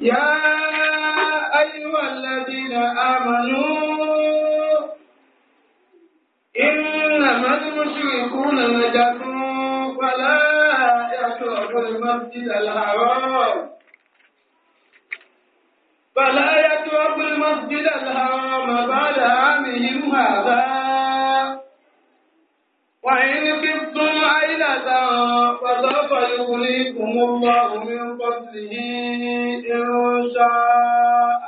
يا أيها الذين آمنوا إنما المشركون نجس فلا يقربوا المسجد الحرام فلا يقربوا المسجد الحرام بعد عامهم هذا وإن خفتم عيلة فسوف يغنيكم الله من فضله شاء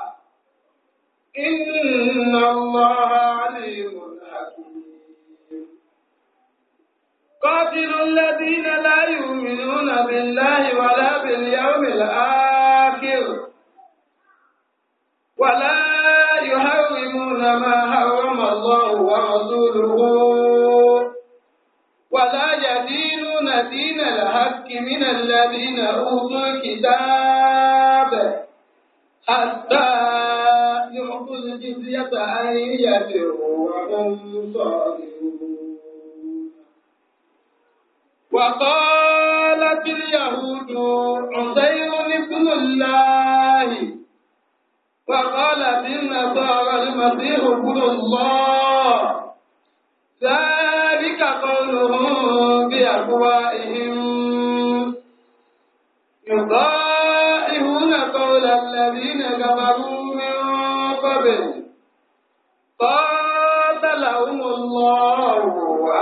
إن الله عليم حكيم قاتل الذين لا يؤمنون بالله ولا باليوم الآخر ولا يحرمون ما حرم الله ورسوله ولا يدين يتبعون دين الحق من الذين أوتوا الكتاب حتى يعطوا الجزية أن يد وهم وقالت اليهود عزير ابن الله وقالت النصارى المسيح ابن الله قولهم بأفواههم يضاعفون قول الذين كفروا من قبل قاتلهم الله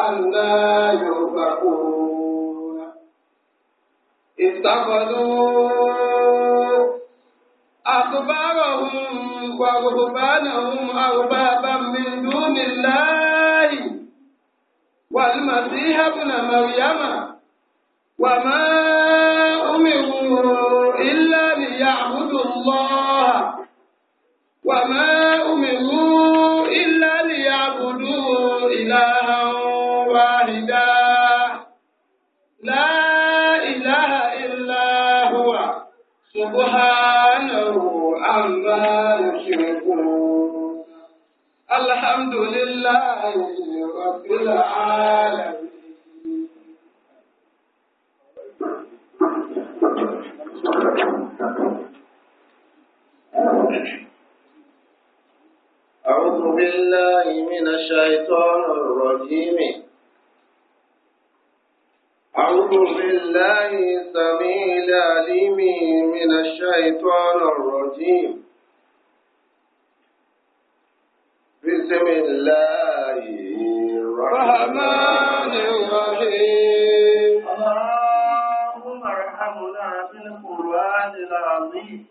أنا يؤفكون اتخذوا أخبارهم ورهبانهم أربابا من دون الله والمسيح ابن مريم وما أمروا إلا ليعبدوا الله وما أمروا إلا ليعبدوا إلها واحدا لا إله إلا هو سبحانه عما يشركون الحمد لله رب العالمين أعوذ بالله من الشيطان الرجيم أعوذ بالله السميع العليم من الشيطان الرجيم بسم الله الرحمن الرحيم اللهم ارحمنا بالقرآن العظيم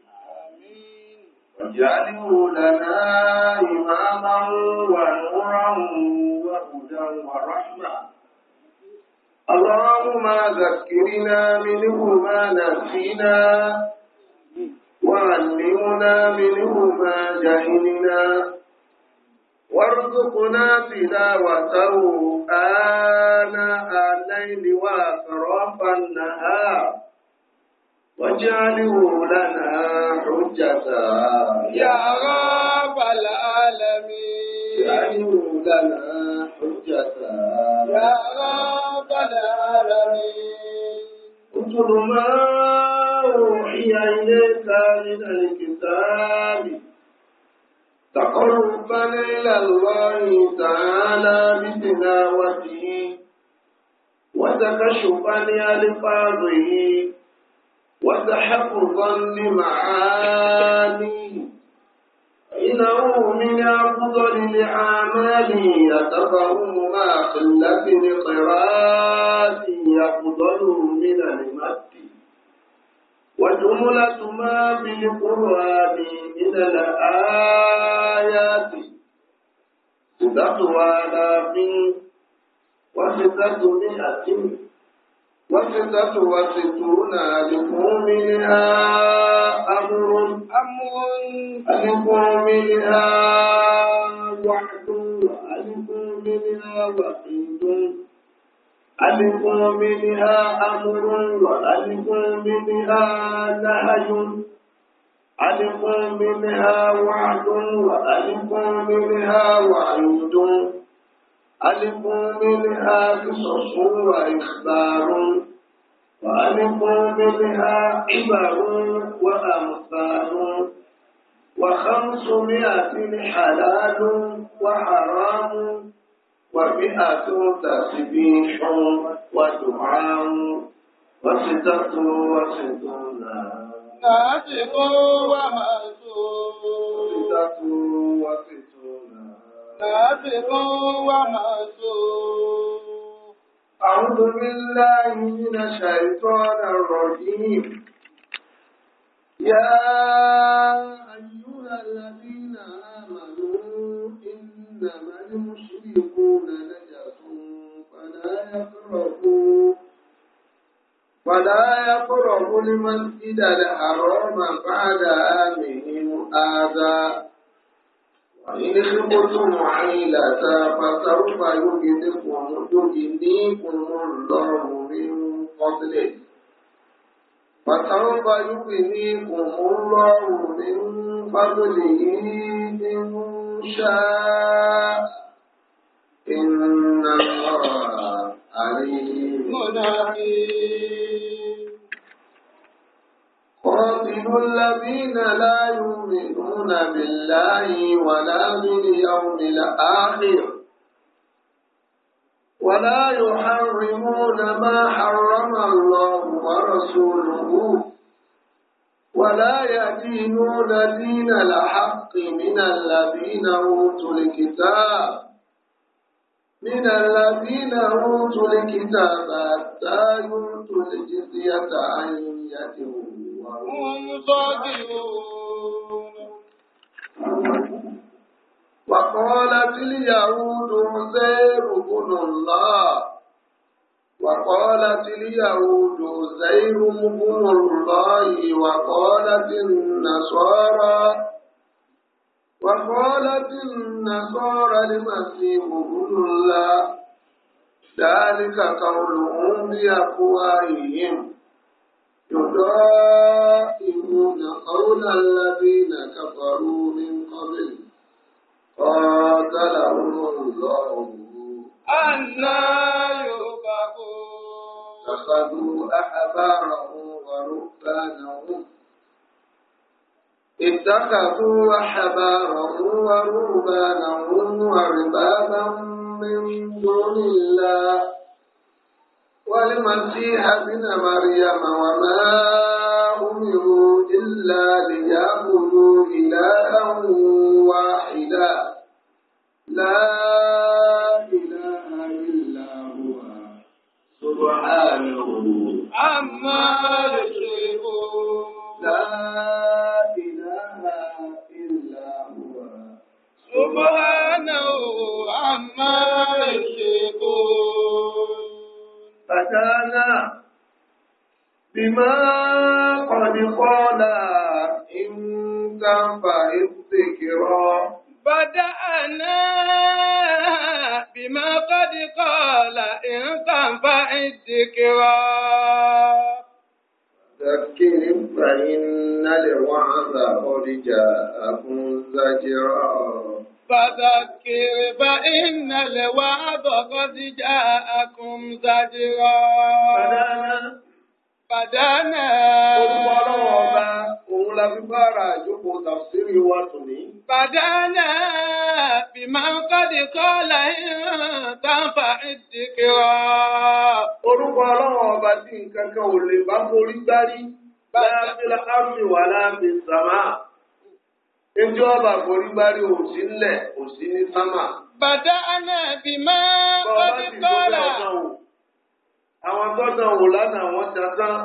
واجعله لنا إماما ونورا وهدى ورحمة اللهم ذكرنا منه ما نسينا وعلمنا منه ما جهلنا وارزقنا تلاوته آناء الليل وأطراف النهار واجعله لنا حجة يا رب العالمين اجعله لنا حجة يا رب العالمين اتل ما أوحي إليك من الكتاب تقربا إلى الله تعالى بتلاوته وتكشفا لألفاظه وتحفظا لمعانيه إنه من أفضل الأعمال يتفهم ما قلة القراءة يفضل من المد وجملة ما في القرآن من الآيات ستة آلاف وستة مئة وستة وستون ألف منها أمر أمر ألف منها وعد ألف منها وقيد ألف منها أمر وألف منها نهي ألف منها وعد وألف منها وعيد ألف منها قصص وإخبار وألف منها عبر وأمثال وخمسمائة حلال وحرام وفئة تسبيح ودعاء وستة وستون ناجب ومأسور ستة وستون ناجب ومأسور أعوذ بالله من الشيطان الرجيم يا أيها الذين آمنوا إنما المشركون يكون نجس فلا يقربوا ولا يقربوا المسجد الحرام بعد عامهم هذا وإن خفتم عيلة فسوف يغنيكم يغنيكم الله من فضله فسوف يغنيكم الله من فضله إن شاء إن الله عليم عليم قاتل الذين لا يؤمنون بالله ولا باليوم الآخر ولا يحرمون ما حرم الله ورسوله ولا يدينون دين الحق من الذين أوتوا الكتاب من الذين أوتوا الكتاب حتى يؤتوا الجزية عن يد وهم وقالت اليهود عزير بن الله وقالت اليهود عزير بن الله وقالت النصارى وقالت النصارى المسيح ابن الله ذلك قولهم بأفواههم يضائعون قول الذين كفروا من قبل قاتلهم الله أنا يؤفكون اتخذوا أحبارهم ورهبانهم اتخذوا أحبارهم ورهبانهم وعبابا من دون الله والمسيح ابن مريم وما أمروا إلا ليعبدوا إلها واحدا لا إله إلا هو سبحانه عما يشركون سبحانه عما يشركون فتانا بما قد قال إن كان فإذكرا بدأنا بما قد قال إن كان فإذكرا ذكر فإن الوعد قد جاءكم زجرا فذكر فإن الوعظ قد جاءكم زجرا Fàdánà. Olúwa ọlọ́run ọba, òun la fi bá ara ìjókòó tàfsírì wa tò ní. Fàdánà bí máa ń kọ́dí kọ́ láyìn táǹfà ìdíkìrọ̀. Orúkọ ọlọ́run ọba tí nǹkan kan ò lè bá forí gbárí. Bá a ti la ámì wà láàbì sàmá. Njẹ́ ọba àforí gbárí òsì ńlẹ̀ òsì ní sámà? Bàdá Anábì máa ọdí kọ́là. Àwọn tọ́jọ́ wò lánàá wọ́n ṣàtán.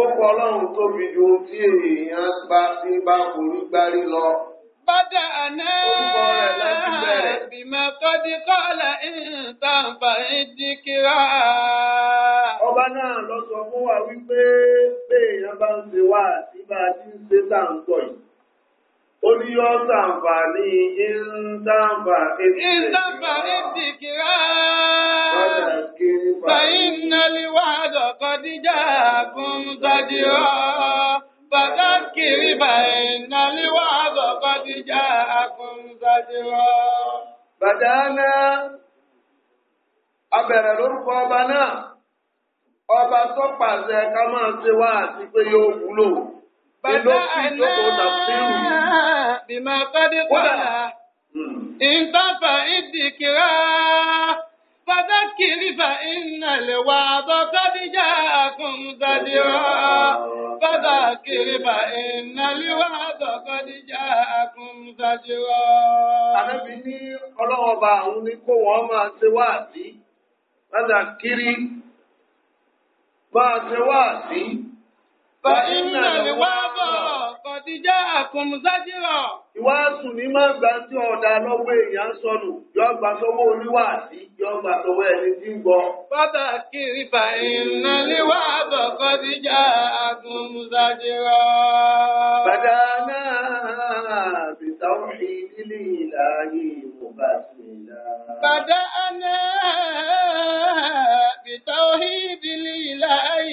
Ó kọ́ ọlọ́run tóbi ju ohun tí èèyàn bá ti bá forí gbárí lọ. Bàdá Anábì máa ọdí kọ́là ìtàǹfà ìdíkìrá. Ọba náà lọ sọ fún wa wípé bí èèyàn bá ń ṣe wá àti bá a ti ń ṣe tá à ń sọ yìí. Orí yọ sàǹfààní ìntàǹfà ètì. Ìntàǹfà ètì kìrá. Pàtàkì nípa. Fàyín nàlíwá àdọ̀kọ́ díjà kún sádìrọ̀. Pàtàkì nípa ìnàlíwá àdọ̀kọ́ díjà kún sádìrọ̀. Bàdánà abẹ̀rẹ̀ lórúkọ ọba náà. Ọba tó ká máa ṣe wá àti pé yóò wúlò. dwa intapa idikirfadakirịba ineliwdkadijh akụzadịro fadakirịb ineliwakadja akụmzadịro فإن الواب قد جاءكم زجرا ìwà sùn ní máa gbà tí ọ̀dà lọ́wọ́ èèyàn sọnù yọ gbà sọ́wọ́ oníwà sí yọ gbà sọ́wọ́ ẹni tí ń gbọ́. pàtàkì فإن الواب قد جاءكم زجرا. بدأنا بتوحيد الإله مبسلا. بدأنا بتوحيد الإله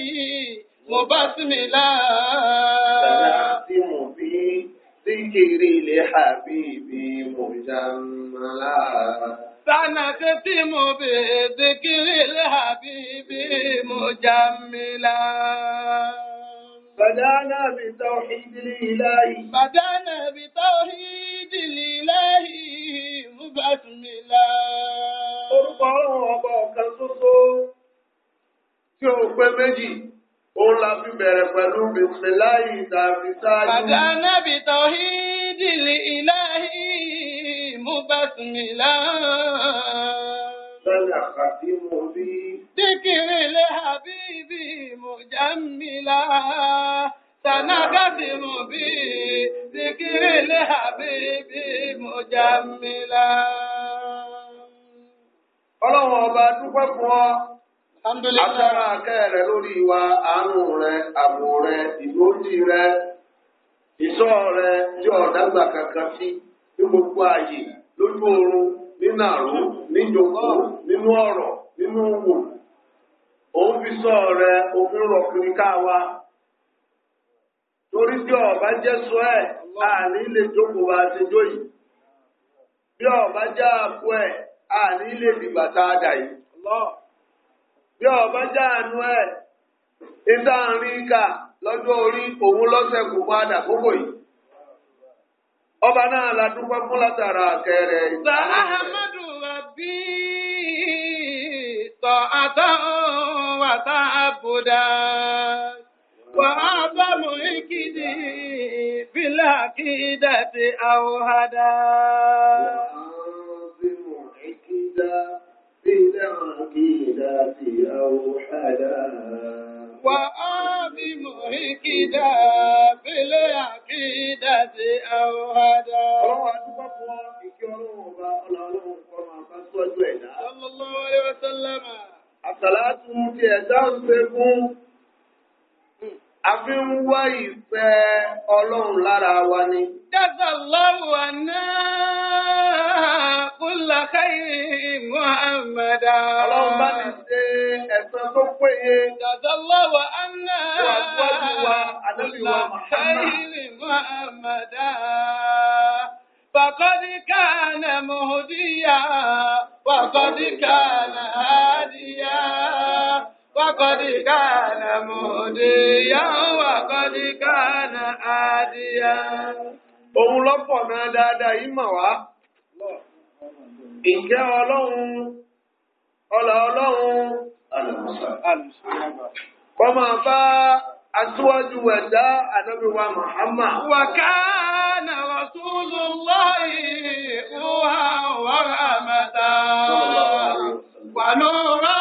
mo bá sí mi lá. Sàlámì mo fi síkiri ilé Habibi mo jàmàlá. Sànàtì tí mo bè síkiri ilé Habibi mo jàmìlá. بدانا بتوحيد لله بدانا بتوحيد لله بسم الله orúkọ ọlọ́run ọba ọ̀kan Ó la fi bẹ̀rẹ̀ pẹ̀lú bìsìláì tàbí sáájú. Bàdá nábì tawhidi lillahi mú basmila. Sọ́nà àkàtí mo rí. Díkìrì lé Habibi mujammila. Sànàgàdì mo bí. Díkìrì lé Habibi mujammila. Ọlọ́run ọba dúpẹ́ fún ọ. agbára aka rẹ lórí wa àánú rẹ àbò rẹ ìgbòjì rẹ ìṣọ́ rẹ tí ọ̀dàgbà kankan sí ní gbogbo ààyè lójú oorun nínú àrò níjòkó nínú ọ̀rọ̀ nínú wò òun fi sọ òfin kiri torí bí ọba bá ọba jẹ bí ọba bụ ẹ̀ ìta àárín kà lọ́jọ́ orí òun lọ́sẹ̀ kò padà yìí. ọba náà la dúpẹ́ fún látara kẹrẹ. sọ ahmadu rabi tọ إلى الكتاب أوحدا وآمم الكتاب بالعقيدة أوحدا صلى الله عليه وسلم الصلاة في أدام a ń wá ìfẹ́ ọlọ́run lára wa ni. Jẹ́sà lọ́wọ́ àná kúlà káyé Mùhàmmádà. Ọlọ́run bá mi ṣe ẹ̀sán tó péye. Jẹ́sà lọ́wọ́ àná kúlà káyé Mùhàmmádà. فقد كان مهديا وقد كان هاديا وقد na ya وقد na عاديا òun lọ́pọ̀ náà dáadáa yìí mà wá ọlọ́run ọlà ọlọ́run kọ́ máa bá aṣíwájú ẹ̀dá ànábì wa Muhammad. wa kana rasulullahi huwa wa rahmatan mẹ́ta nuran.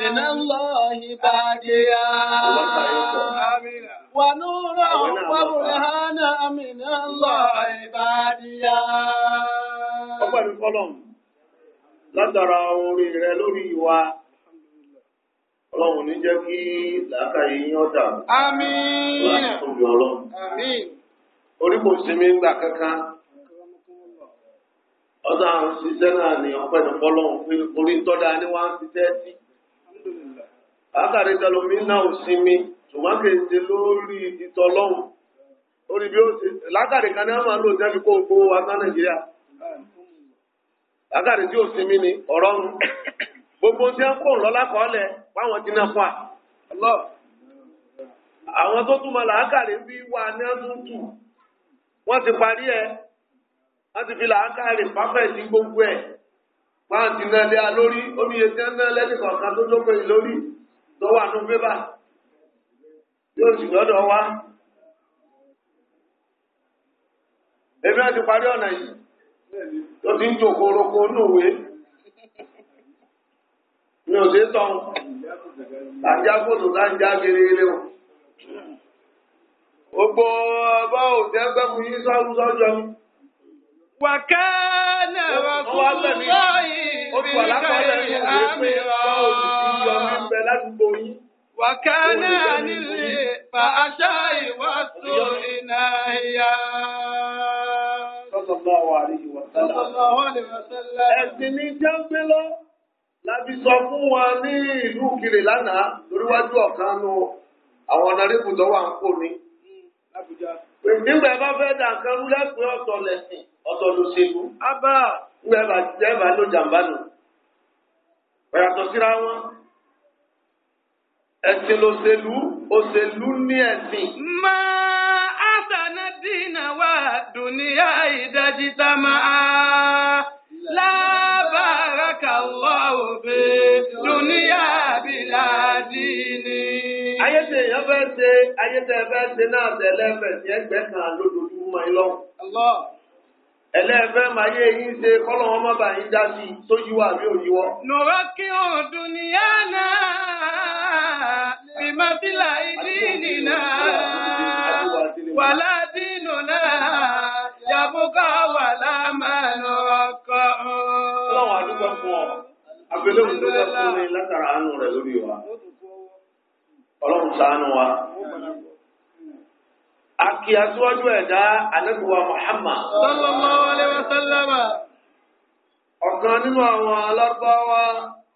من الله باديا ونورا وبرهانا من الله باديا ọpẹ́lú fọ́lọ́m orí rẹ lórí ìwà ọlọ́run ní jẹ́ kí làákàyè yín ọ̀dà láti tóbi kankan náà ní pé orí tọ́da àkàrí tẹlomi náà ò sinmi ṣùgbọ́n kì í ṣe lórí ìtọ́lọ́hùn orí bí ó ṣe kan náà máa ń lò jẹ́bi kó gbó wa sá nàìjíríà lákàrí tí ò sinmi ni ọ̀rọ̀ ń gbogbo tí wọ́n kó ń lọ lákọọ́lẹ̀ fáwọn tí náà fà àwọn tó túmọ̀ làákàrí bí wà ní ọdún tù ti parí ti fi làákàrí pápẹ́ sí gbogbo ẹ. pàǹtì náà lé a lórí omi yẹn tẹ́ náà lẹ́yìn kọ̀ọ̀kan tó jókòó yìí lórí lọ́wọ́ àánú pépà yóò sì gbọ́dọ̀ wá. èmi àti parí ọ̀nà yìí tó ti ń jò koroko núwé mi ò sí tán àjákòtò tá ń já gerere o. gbogbo ọba yín náà wà fún báyìí bí káyé àmì rọ. Wàkánà nílé fa aṣá ìwà tó iná yá. Ẹ̀sìn ní Jẹ́ńgbé lọ láti sọ fún wa ní ìlú Kiri lánàá lóríwájú ọ̀kan nu àwọn ọ̀nàrẹ́kùn tó wà ń kó ni. Hmm, Nígbà bá fẹ́ dà kan rú lẹ́kùn ọ̀tọ̀ lẹ̀sìn ọ̀tọ̀ ló ṣẹ́gun ábà ńgbẹ́bà ló jàǹbá nù ọ̀yàtọ̀ síra wọn ẹ̀sìn ló ṣèlú òṣèlú ní ẹ̀sìn. máa àtànà dínà wà dùnìyà ìdájí tá máa lábàárà kàwọ́ òfin dùnìyà bìlà dínì. ayéte èèyàn fẹ́ ṣe ayéte ẹ fẹ́ ṣe náà tẹ̀lé ẹ̀fẹ̀ sí ẹgbẹ́ kan lójoojúmọ́ ilọ́hùn ẹlẹ́fẹ́ máa yé yín ṣe kọ́lọ́ wọn má bàa yín dá sí i tó yíwọ́ àbí òyíwọ́. nùrọ̀ kí òun dùn níyà náà bí má ìdí nìyà wàlá dínú náà yàbùkà wàlá máa lọ ọkọ. ọlọ́run àdúgbò fún ọ abẹ́lẹ́wò ló bá fún mi látara àánú rẹ̀ lórí wa ọlọ́run ṣàánú wa. akí aṣíwájú ẹ̀dá anábìwá Muhammad. sallallahu alayhi wa sallam. ọ̀kan nínú àwọn alárúbáwá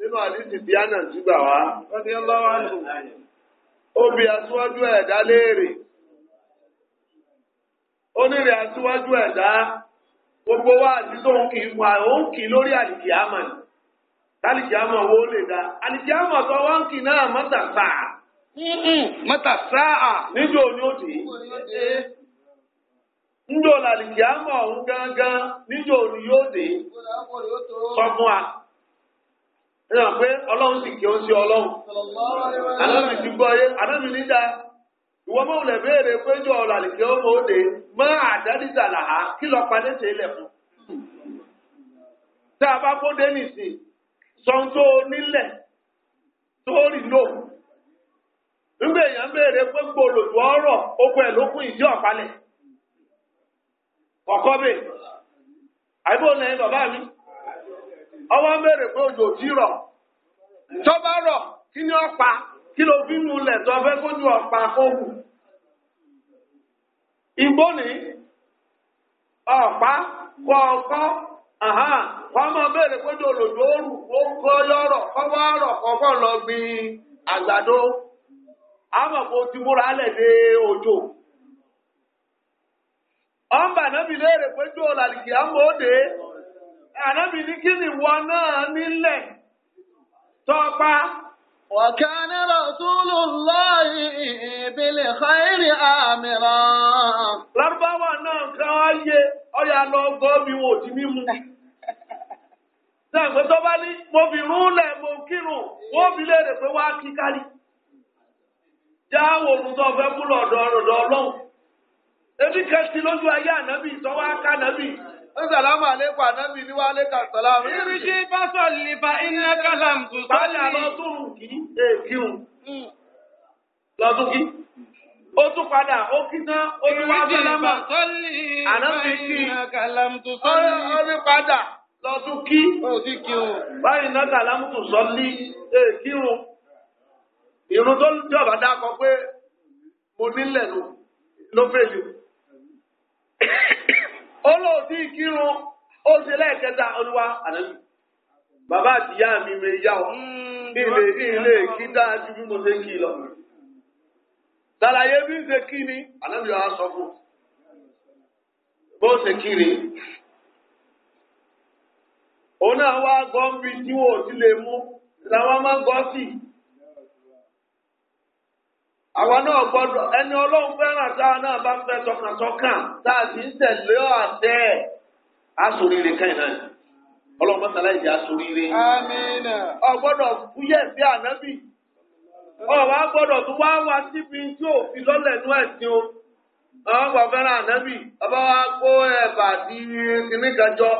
nínú àdìsí tí a náà ti gbà wá. radiyallahu anhu. ó gbogbo wa àti tó ń kì í wà ó ń kì í lórí ni. wo lè da àlìkìyàmọ̀ tó wá mọ́tà sáà níjọ́ ni ó dé níjọ́ làlìkì àmọ́ ọ̀hún gángan níjọ́ ni pé ọlọ́run sì kí ó ṣe ọlọrun. Anami ti gbọ́ anami ìwọ béèrè pé ọmọ òde mọ́ àdádìjà làá kí lọ padé tè lẹ̀ fún. tá a bá kó tó nígbà èèyàn béèrè pé gbogbo ọrọ ọ̀rọ̀ ogun ẹ ló kún ìdí ọpalẹ kọkọ bẹ àbí òun bàbá mi ọwọ ń béèrè pé òjò tí rọ tọba rọ kí ni ọpa kí ló fi nu ilẹ̀ tó kójú ọpa kóhù igbó ni ọpa kọ ọkọ àmọ̀kò ti múra alẹ̀ dé òjò ọmọ ànábì léèrè pé jọ làlìkì àmọ́ òde ànábì ní kí ni wọ́n náà nílẹ̀ tọ́pa وكان رسول الله بالخير آمرا lárúbáwá náà kan ayé ọyà lọ gọ́ọ̀mì wò tí mímu sẹ́gbẹ́ tó bá ní mo fi mo kírun wọ́n fi já òòrùn tó fẹ́ kú lọ́dọ̀ ọ̀dọ̀ ọlọ́run ebi kẹsì lójú ayé ànábì tọ́wọ́ aká ànábì Assalamu alaikum ànábì ní wàhálẹ́ kà sàlámù. Iríṣi pásọ̀ lè fa iná kálàm tó sọ́ọ̀lì. Báyà lọ tóun kì í ṣe kíun. Hmm. Lọ́dún kí. Ó tún padà ó kí tán ó tún wá sálámà. Iríṣi pásọ̀ lè fa iná kálàm tó sọ́ọ̀lì. Ó ní padà lọ́dún kí. Ó sì kíun. Báyìí náà kàlámù tó sọ́ọ̀lì. Èkírun irun tó jọba dákọ pé mo nílẹ̀ ló ló fèlè ó lò sí kírun ó ṣe lẹ́ẹ̀kẹta olúwa ànábì bàbá àtìyá mi hmm, mi yá ọ ilé ilé kí dájú bí mo ṣe kí lọ ṣàlàyé bí ń ṣe kí ni ànábì wa sọ fún bó ṣe kí ni òun náà wá gọ́ǹbì tí wọ́n ò ti lè mú làwọn máa ń gọ́ sí i. àwa náà gbọ́dọ̀ ẹni Ọlọ́run fẹ́ràn táwa náà bá ń fẹ́ tọkàntọkàn tá a sì ń tẹ̀lé àtẹ àsoríire kẹyìn náà Ọlọ́run mọsálá ìjà àsoríire. amiina. ọgbọdọ fúyẹ bí ànábì ọwọ agbọdọ tó wá wá síbi tí òfin lọlẹ nú ẹsìn o àwọn ọgbà fẹ́ràn ànábì ọba wa kó ẹbà àti kìnnìkanjọ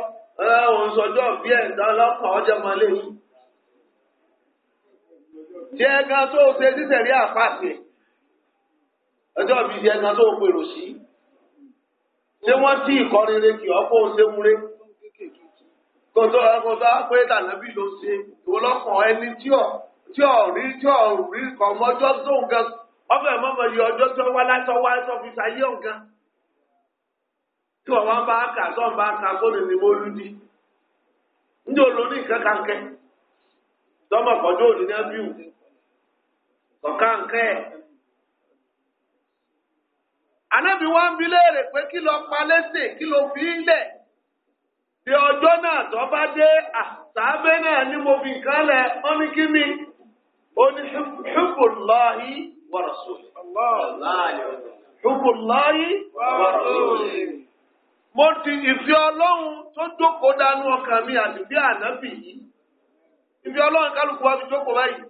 òun sọjọ bí ẹ lọkàn ọjọ máa léyìn. tí ẹ gan tó ṣe títẹ̀lé ọjọ́ bụ ihe ẹ̀ka tó pèrò sí ṣé wọ́n tí ìkọrinre kì ọ́ kó o ṣe múre kò tó ọkọ̀ tó pé tànàbí ló ṣe ìwọlọ́kàn ẹni tí ọ̀ tí ọ̀ rí tí ọ̀ rí kàn mọ́ ọjọ́ tó nǹkan ọbẹ̀ mọ́mọ́ ọjọ́ tó wá látọ̀ wá tó fi ṣayé nǹkan tí wọ́n bá kà tó ń ànábì wá ń bi léèrè pé kí ló pa lẹ́sẹ̀ kí ló fi ń lẹ̀ bí ọjọ́ náà tó bá dé àtàbẹ́ náà ni mo fi nǹkan lẹ̀ ọ́ ní kí ni ó ní hubbullahi wa rasulihi. hubbullahi wa rasulihi. mo ti ìfẹ́ ọlọ́run tó jókòó dánú ọkàn mi àti bí ànábì yìí ìfẹ́ ọlọ́run kálukú wa fi jókòó báyìí.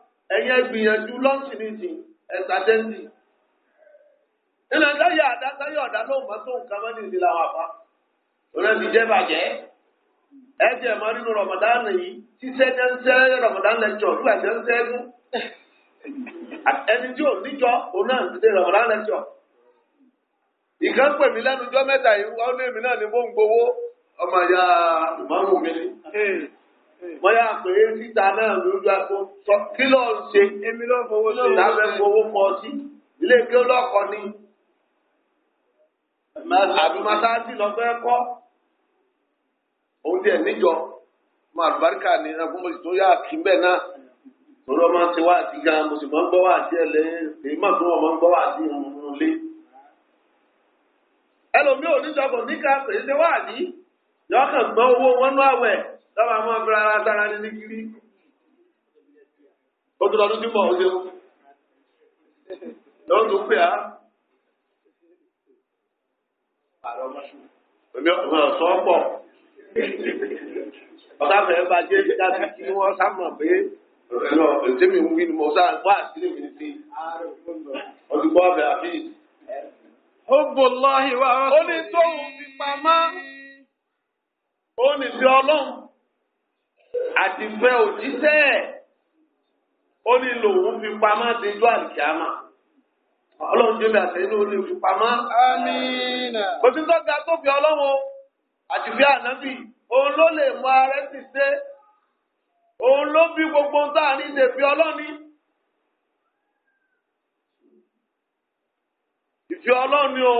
ẹ̀yin gbìyànjú lọ́ọ̀tì nìsín ẹ̀sàdẹ́ǹtì nílẹ̀ táyà àdá ọ̀dá ló tó nǹkan mọ́ nìsín làwọn àfa òun ti jẹ́ bàjẹ́ ẹ̀jẹ̀ mọ́ nínú rọ̀mọ̀dán yìí ṣiṣẹ́ dẹ́nsẹ́ rọ̀mọ̀dán ẹni tí ò níjọ òun náà ìkan pè mí lẹ́nu jọ́ mẹ́ta yìí wọ́n ní èmi náà mò ń gbowó ọmọ ìyá wọ́n yà pé títa náà lójú àpò sọ kí ló ń ṣe èmi ló fowó ṣe lábẹ́ fowó pọ̀ sí ilé kí ó lọ́kọ̀ ni àbí masáàtì lọ́fẹ́ kọ́ òun tiẹ̀ níjọ máa àlùbáríkà ní ẹkún mo sì tún yà kí bẹ́ẹ̀ náà tọ́lọ́ máa ń ṣe wá àti gan mo sì máa ń gbọ́ wá àti ẹ̀lẹ́ èyí máa tún wọ́n máa ń gbọ́ wá àti ìrùn lé. ẹlòmíì ò ní sọkò níkà pèsè wá àdí yọkàn gbọ́ owó wọn nú àwẹ̀ lọ́wọ́ àwọn ọmọ ara sára ní nígiri ó tún lọ́dún tí mọ̀ ó ṣeun lọ́wọ́ tó pè á. Èmi ọkùnrin ọ̀sán pọ̀. Ọ̀sá fẹ́ bá jẹ́ dájú kí wọ́n sá mọ̀ pé ètèmi ń wí ni mo sá wá sílẹ̀ mi sí. Ọdún bọ́ ọ̀bẹ bò lọ́hìn wá. Ó ní tóun fi pamọ́. Ó ní bí ọlọ́run àti fẹ́ òjíṣẹ́ ó ní lòun fi pamọ́ sí ijó àlìkíámà ọlọ́run jẹ́ mi àtẹ̀yìn ó ní fi pamọ́. amínà. kò sí sọ́gà tó fi ọlọ́run àti fi ànábì òun ló lè mọ ààrẹ sì ṣe òun ló bí gbogbo sáàrin lè fi ọlọ́ni. ìfi ọlọ́ni o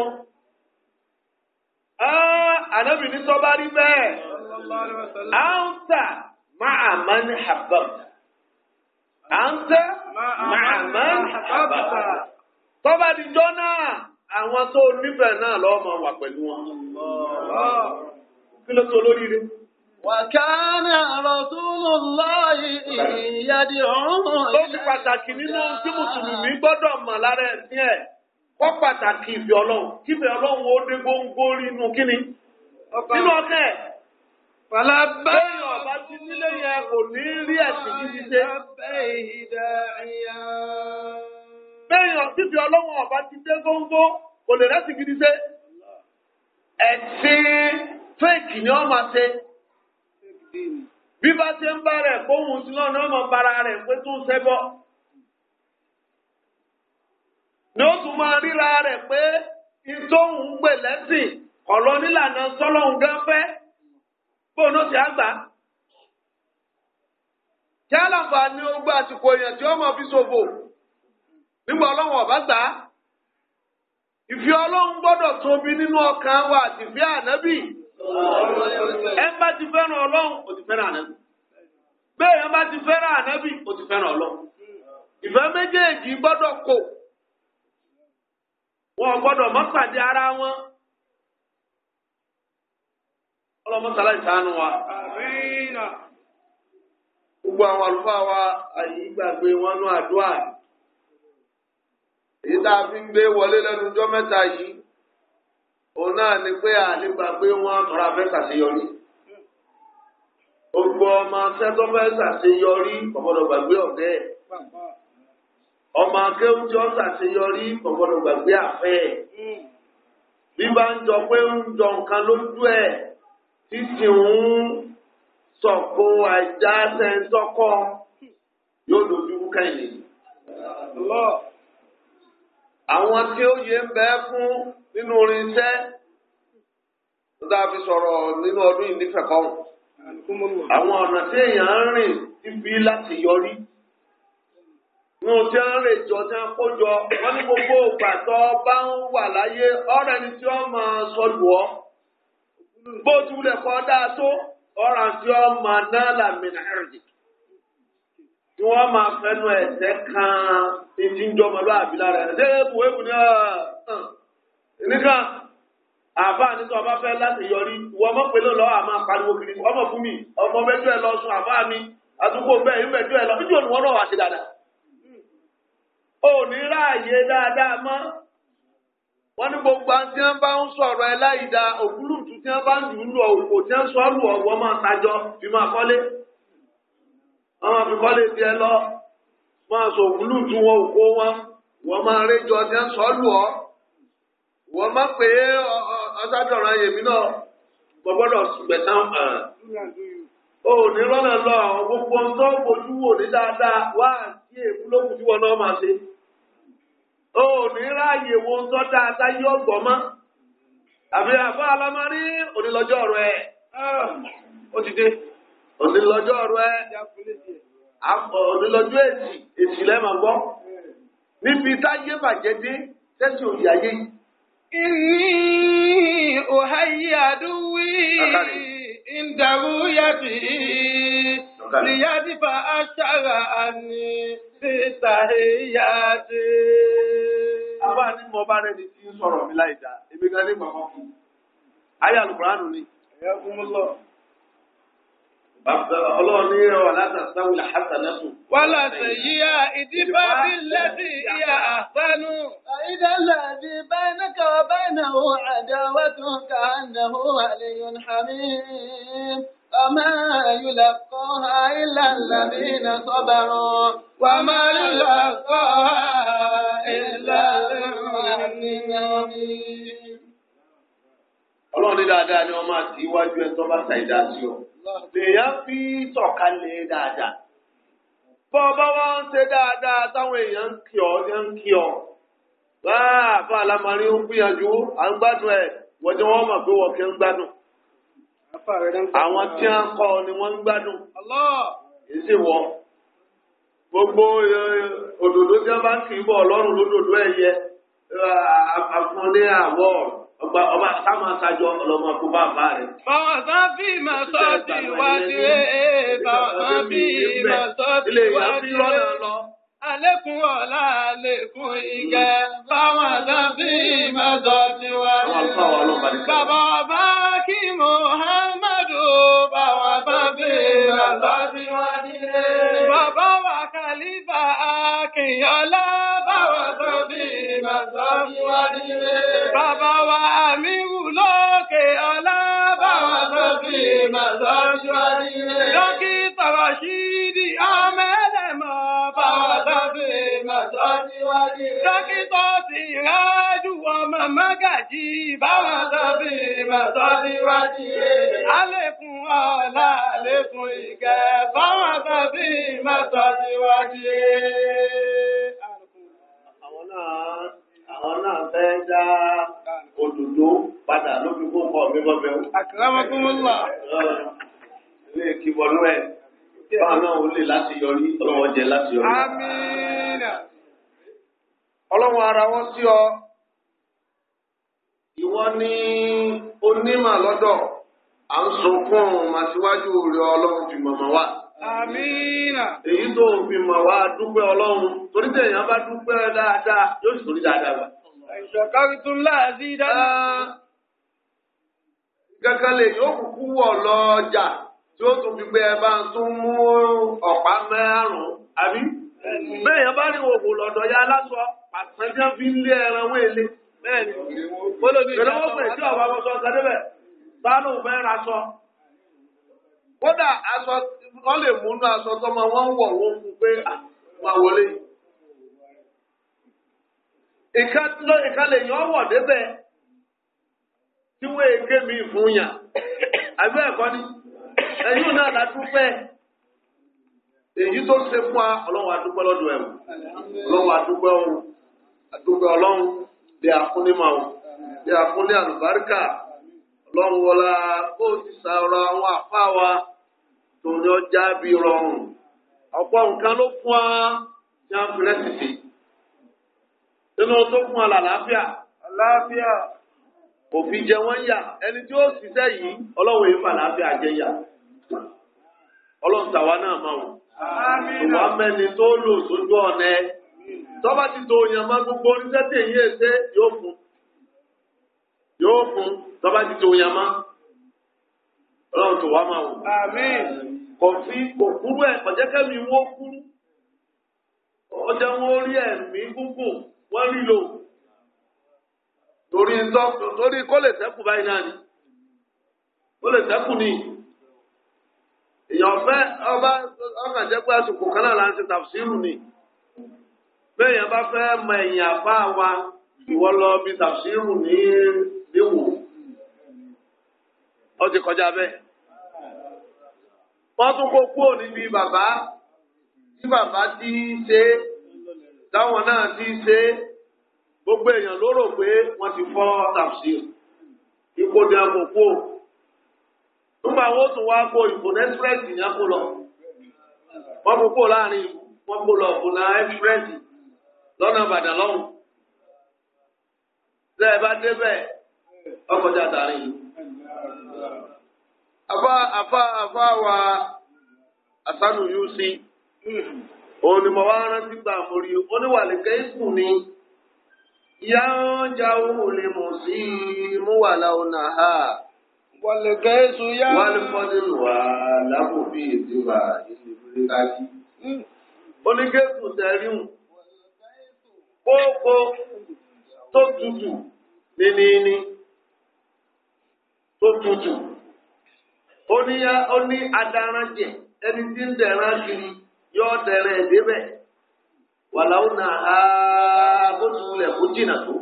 ànábì ní sọ́ba rí bẹ́ẹ̀ à ń tà. مع من حببت أنت مع من حببت tó bá di àwọn tó nífẹ̀ẹ́ náà lọ́ọ́ máa wà pẹ̀lú wọn. kí ló tó lóríire. وكان رسول الله يدعوهم ló ti pàtàkì nínú tí mùsùlùmí gbọ́dọ̀ mọ̀ lára ẹ̀sìn ẹ̀ kọ́ pàtàkì ìfẹ́ ọlọ́run kífẹ́ ọlọ́run ó dé góńgó nínú ọkẹ́ Fàlà bẹ́ẹ̀ ni ọba ti nílé yẹn kò ní rí ẹ̀sìn gidi ṣe. Bẹ́ẹ̀ ni títí ọlọ́wọ́n ọba ti dé góńgó kò lè rẹ́sìn gidi ṣe. Ẹ̀sìn fẹ́ẹ̀kì ni wọ́n máa ṣe. Bí bá ṣe ń bá rẹ̀ kóhun sí náà ni wọ́n máa rẹ̀ pé tó ń ṣẹ́bọ̀. Ni ó tún máa ríra rẹ̀ pé ìtóhùn ń gbè lẹ́sìn ọ̀rọ̀ nílànà sọ́lọ́hún gánfẹ́. fóònù ó sì á gbà á kí ogbó àsìkò èèyàn tí ó mọ̀ fi ṣòfò nígbà ọlọ́run ọ̀bá gbà á ọlọ́run gbọ́dọ̀ tóbi nínú ọkàn wa àti ìfẹ́ ànábì ẹ bá ti fẹ́ràn ọlọ́run ó ti fẹ́ràn ànábì bẹ́ẹ̀ bá ti fẹ́ràn ànábì ti fẹ́ràn ọlọ́run ìfẹ́ méjèèjì gbọ́dọ̀ kò ara wọn. ọlọ́mọ sálá ìsánú wa. gbogbo àwọn àlùfáà wa ìgbàgbé wọn nú àdúrà èyí tá a fi ń gbé wọlé lẹ́nu ọjọ́ mẹ́ta yìí òun náà ni pé àlégbàgbé wọn tọ́ra fẹ́ ṣàṣeyọrí gbogbo ọmọ sẹ́tọ́ fẹ́ ṣàṣeyọrí ọ̀gbọ́dọ̀ gbàgbé ọ̀gẹ́ ẹ̀ ọmọ akéwù tí ó ṣàṣeyọrí gbàgbé àfẹ́ hmm. bí bá ń jọ pé ń jọ nǹkan lójú ẹ̀ títí ń sọ̀kò àìjá sẹ́ńtọ́kọ́ yóò dojú kẹ́yìn. Àwọn tí ó yẹ ń bẹ fún nínú orin iṣẹ́ tó dáa fi sọ̀rọ̀ nínú ọdún yìí nífẹ̀kọ́. Àwọn ọ̀nà tí èèyàn ń rìn ti fi láti yọrí. Nínú tí wọ́n ń rè jọ tí wọ́n kó jọ, wọ́n ní gbogbo ìgbà tó bá ń wà láyé, ọ̀rẹ́ tí wọ́n máa sọ lù ọ́ bó tulẹ̀ kọ́ dáa tó ọ̀rọ̀ àti ọmọ náà làmìnà ẹ̀rọ̀dì tí wọ́n máa fẹ́nu ẹ̀sẹ̀ kan etí ń jọmọ lọ́àbí lára ẹ̀ ṣé bùwébù ni nìkan àbá ni tó ọba fẹ́ láti yọrí ìwọ ọmọ pẹ̀lú lọ́wọ́ àmọ́ pariwo kiri ọmọ fún mi ọmọ mẹ́jọ ẹ lọ sùn àbá mi àdúgbò bẹ́ẹ̀ mẹ́jọ ẹ lọ fíjì òní wọn náà wà sí dáadáa. ò ní ráàyè dáadáa mọ́ wọ́n ní gbogbo àwọn tí wọ́n bá ń sọ̀rọ̀ ẹ láì da òkúlùtù tí wọ́n bá ń lù ú lọ òkò tí wọ́n sọ lù ọ̀wọ́ máa tajọ fi máa kọ́lé wọ́n máa fi kọ́lé tiẹ̀ lọ máa sọ òkúlùtù wọn òkò wọn wọ́n máa réjọ tí wọ́n sọ lù ọ́ wọ́n máa pè é ọ̀sádọ̀rọ̀ ayèmí náà mo gbọ́dọ̀ gbẹ̀sán o ní rọ́nà lọ gbogbo ọ̀sán ojú wò ní dáadáa wá sí èkúlókùn tí wọn náà máa ṣe. o ní ráàyè wo ń tọ́ dáadáa yí afọ mọ́ àbí àbá alámarí onílọ́jọ́ ọ̀rọ̀ ẹ̀ ó ti dé onílọ́jọ́ ọ̀rọ̀ ẹ̀ onílọ́jọ́ èsì èsì lẹ́mọ̀ gbọ́ níbi táyé bàjẹ́ dé tẹ́sí òyì ayé yìí. Ìní òháyé àdúwì ìdàrú yàtì níyàtì bá aṣára àní tó bá ní mo bá rẹ́ni tí ń sọ̀rọ̀ mi láì dá èmi gan ní gbàgbọ́ fún un. ayé alukóránù ni. ẹ̀yẹ́ fún mi lọ. Ọlọ́run ní ìrọ̀ látàsáwì làhásánátù. Wọ́lá sèyí à ìdíbà bí lẹ́sí ìyá àsánú. Àìdálà di bainaka wa bainahu adawatun ka'annahu aliyyun hamim. وما يلقاها إلا الذين صبروا وما يلقاها إلا Ọlọ́run ní dáadáa ni wọ́n máa ti iwájú ẹ tó bá ta ìdá sí ọ. Lèèyàn fi tọ̀kalẹ̀ dáadáa. Bọ́ ọba wá ń ṣe dáadáa táwọn èèyàn ń kí ọ, ń kí ọ. Báà bá alámarí ń gbìyànjú, à ń gbádùn ẹ̀, wọ́n jẹ́ mọ̀ pé wọ́n kì ń gbádùn. Àwọn tí wọ́n kọ́ ni wọ́n ń gbádùn. Èsì wọ. Gbogbo òdòdó tí wọ́n bá ń kì í bọ̀ ọlọ́run lódòdó ẹ̀yẹ àfúnlé àwọ̀ ọgbà ọba táwọn aṣáájú ọlọmọ kó bá bá rẹ. bàbá sàn fi mà sọ ti wádìí ee bàbá fi mà sọ ti wádìí ee àlékún ọ̀la àlékún ìgẹ̀ báwọn sábì mẹ́tọ́ ti wá nílẹ̀. Bàbá ọba kí Muhammadu báwọn sábì mẹ́tọ́ ti wá nílẹ̀. Bàbá wa Kàlífà Akínyọ́lá báwa tó bí màtọ́ fún wa nílé. Bàbá wa Àmíwù lókè ọlá báwa tó bí màtọ́ fún wa nílé. Dókítà Rashidi fi sì rájú ọmọ mágàjì báwọn tó fi màtọ́ síwájú. Àlékún ọ̀la àlékún ìkẹ́ báwọn tó fi màtọ́ síwájú. Àwọn náà àwọn náà fẹ́ dá òdòdó padà lóbi kó kọ́ mi bẹ́ẹ̀. Àkàrà wọn kún mọ́ lọ. Ilé ìkìbọnú ẹ̀. Báwa náà ó lè Ọlọ́run ara wọn sí ọ. Ìwọ́n ni onímọ̀ lọ́dọ̀. À ń sunkún màsíwájú rẹ̀ ọlọ́run fi mọ̀mọ́ wá. Èyí tó fi mọ̀ wá dúpẹ́ ọlọ́run. Torí bá dúpẹ́ dáadáa yóò sì torí dáadáa Ìṣọ̀kárí tún láàzí dáadáa. Gẹ́gẹ́ lè tí ó tún fi gbé ẹ bá ń tún mú ọ̀pá márùn-ún àbí. bẹ́ẹ̀ yẹn bá rí òògùn lọ́dọ̀ ya aláṣọ àtẹ̀jẹ́ fi ń lé ẹran wọ́n èlé. bẹ́ẹ̀ni pẹ̀lú wọ́n pè tí ọ̀bá ọmọọṣọ sọ débẹ̀ sánú mẹ́rin aṣọ. kódà aṣọ lè múnú aṣọ tọmọ wọn fún pé ah, ẹ̀yìn náà la dúpẹ́ èyí tó ṣe fún wa ọlọ́run adúpẹ́ lọ́dọ̀ ẹ̀ ọlọ́run adúpẹ́ o adúpẹ́ ọlọ́run bí akúnímọ̀ o bí akúní àlùbáríkà ọlọ́run wọlá kó o ti sàrọ̀ àwọn àfa wa tó ní ọjà bí rọrùn ọ̀pọ̀ nǹkan ló fún wa ní àpẹrẹsìtì nínú tó fún wa làlàáfíà àlàáfíà òfin jẹ wọ́n yà ẹni tí ó ṣiṣẹ́ yìí ọlọ́run yìí fà làlàáfíà jẹ yà ọlọ́run tàwa náà máa wò. ìwà mẹ́ni tó lò sójú ọ̀nà ẹ. tọ́ba ti do òyìn àmọ́ gbogbo oníṣẹ́ tí èyí èṣe yóò fún yóò fún tọ́ba ti do òyìn àmọ́ ọlọ́run tàwa máa wò. kò fi kò kúrú ẹ̀ kọ̀jẹ́kẹ́mi wó kúrú. ọjà wọn rí ẹ̀mí gúngùn wọ́n rí lò. torí kó lè sẹ́kù báyìí náà ni kó lè sẹ́kù nìyí èèyàn fẹ́ ọba ọkàn jẹ́ pé àsìkò kan náà là ń ṣe tàfsírù ni bá fẹ́ mọ ẹ̀yìn àbá wa ìwọ lọ bí tàfsírù ní níwò ó ti kọjá bẹ́ẹ̀ wọ́n tún kó kúrò níbi bàbá tí bàbá ti ṣe táwọn náà ti ṣe gbogbo èèyàn ló pé wọ́n ti fọ́ tàfsírù ipò dẹ́mọ̀ kúrò nígbà wo tún wá kó ìbùn express yẹn kó lọ wọ́n kó kó láàrin wọ́n kó lọ ìbùn express lọ́nà Ìbàdàn lọ́hùn tẹ́ ẹ bá débẹ̀ ọkọjá tààrin yìí. afa afa afa wa asanu yusi òun ni mo wá rántí gbà mórí oníwàlẹ̀kẹ́ ìsùn ni. yáwó jáwó lè mọ̀ sí i mú wà láwọn náà. Wàlùkẹ́sù yá. Wọ́n wà lápò bí èdè kájí. Oníkẹ́sù tẹ̀ríhùn. Kókó tó tutù níníní tó tutù. Oníyá ó adaranjẹ ẹni tí ń dẹ̀ran kiri yóò dẹ̀rẹ̀ débẹ̀. Wàláwù náà á bó tilẹ̀ kó tó.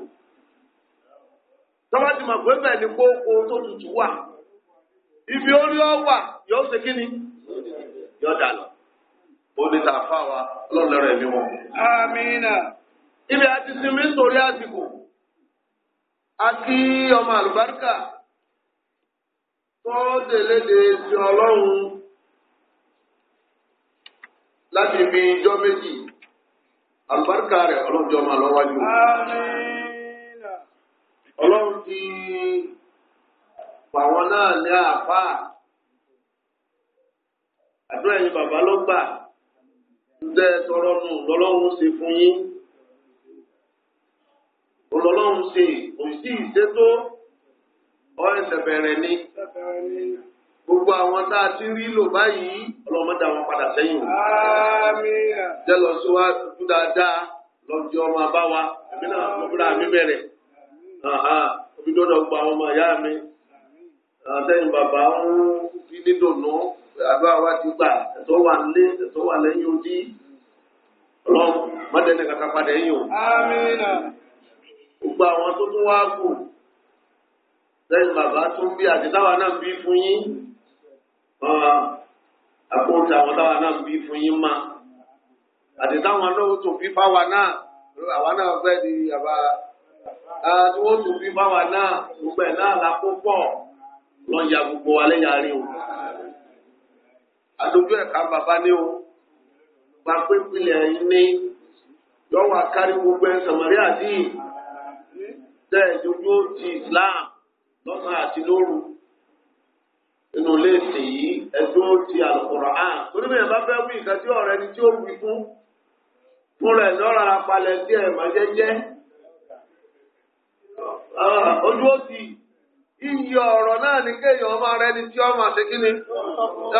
ti mọ̀ pé bẹ́ẹ̀ ni kókó tó tutù wà. ibi orí ọwà yóò ṣe kí ni yóò dà lọ ó ní ta fà wá ọlọ́run lẹ́rọ ẹ̀mí wọn. amina. ibi àti sinmi nítorí àsìkò àti ọmọ àlùbáríkà tó délédé sí ọlọ́run láti fi ijọ́ méjì àlùbáríkà rẹ̀ ọlọ́run jọ máa lọ́wájú. amina. ọlọ́run ti pàwọn náà ní àpá àdúrà ẹ̀yin bàbá ló gbà ǹdẹ tọrọ nù lọ́lọ́run ṣe fún yín lọ́lọ́run ṣe òsì ìṣètò ọ ẹsẹ̀ bẹ̀rẹ̀ ni gbogbo àwọn tá a ti rí lò báyìí ọlọ́mọdé àwọn padà sẹ́yìn o. jẹ́ lọ sí wa dúdú dáadáa lọ́jọ́ ọmọ abáwa èmi náà mo búra mi bẹ̀rẹ̀ omi dọ́dọ̀ gba ọmọ ìyá mi àwọn bàbá ń bí nídòdó àdúrà wa ti gbà ẹ̀tọ́ wà lé ẹ̀tọ́ wà lẹ́yìn odi ọlọ́run mọ́tẹ́ni kàkà padà ẹ̀yìn o. gbogbo àwọn tó tún wá kù sẹ́yìn bàbá tún bí àti táwa náà bí fún yín àkóńtà àwọn táwa náà bí fún yín má àti táwọn náà tó fi fáwa náà àwa náà fẹ́ di àbá àti wọ́n tó fi fáwa náà gbogbo ẹ̀ náà la pọ̀ lọ́n ya gbogbo wa lẹ́yìn àárín o. Àdójú ẹ̀ka bàbá ní o. Gba pé ìpìlẹ̀ yìí ní yọ̀wọ̀ akárí gbogbo ẹ̀ sàmọ́rí àdí. Tẹ́ ẹ̀ dojú ti Islam lọ́sàn àti lóru. Inú ilé ìsìn yìí ẹ̀dọ́ ti Al-Qur'an. Torí mi ẹ̀ bá fẹ́ wí ìkan tí ọ̀rẹ́ ni tí ó wí fún. Fún rẹ̀ lọ́ra apalẹ̀ sí ẹ̀ máa jẹ́jẹ́. Ah, ojú ó ti. ọrọ ọ̀rọ̀ náà ní kéèyàn ọmọ rẹ ni tí ma àti kíni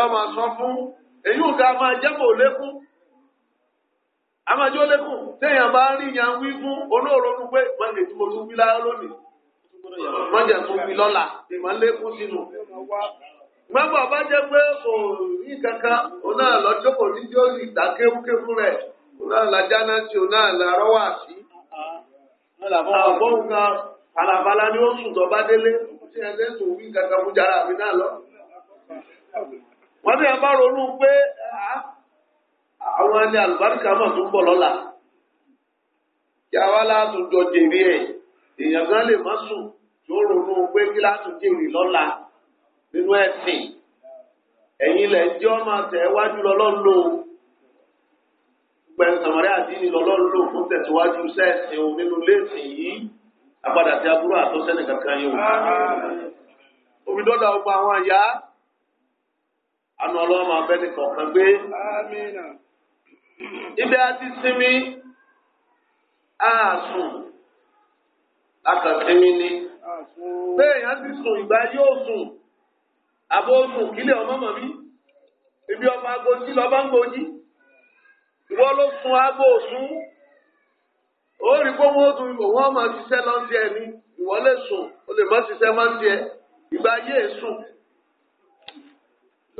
ọ ma sọ fún èyí ò ga ma jẹ́ kó lékún amájó lékún téèyàn bá rí yan wí fún olóòrò nu pé wọ́n lè tún wí lónìí tún wí lọla sínú. pé kankan òun náà ní kéwúkéwú òun náà la jáná sí òun náà la sí. àbọ̀ tí ẹ lẹ́sùn òwú ìkàkà fún jàrá mi náà lọ. wọ́n ní ẹ bá ronú pé àwọn ẹni àlùbáríkà mà tún bọ̀ lọ́la. yàrá látún jọ jèrè ẹ̀ èèyàn kan lè má sùn tó ronú pé kí látún jèrè lọ́la nínú ẹ̀sìn. ẹ̀yin lẹ̀ jẹ́ ọmọ tẹ̀ wájú lọ́lọ́run lò pẹ̀lú sàmárẹ́ àdínì fún tẹ̀síwájú sẹ́ẹ̀sìn òun nínú léèsìn yìí apadà tí aburú àtọ́sẹ́nì kankan yóò omi dọ́là ọgbà àwọn àyà àna ọlọ́mọ abẹ́ni kọ̀ọ̀kan gbé ibi àti sinmi àásùn akànsinmi ni bẹ́ẹ̀ yẹn ti sùn ìgbà yóò sùn àbó sùn kílẹ̀ ọmọ mọ̀ mi ibi ọmọ agojí lọ́ba ń gojí ìwọ ló sun aago sùn ó rí pé wọ́n tún ìbò wọ́n máa ṣiṣẹ́ lọ́sí ẹni ìwọ lè sùn o lè má ṣiṣẹ́ má ń tiẹ̀ ìgbà yé e sùn.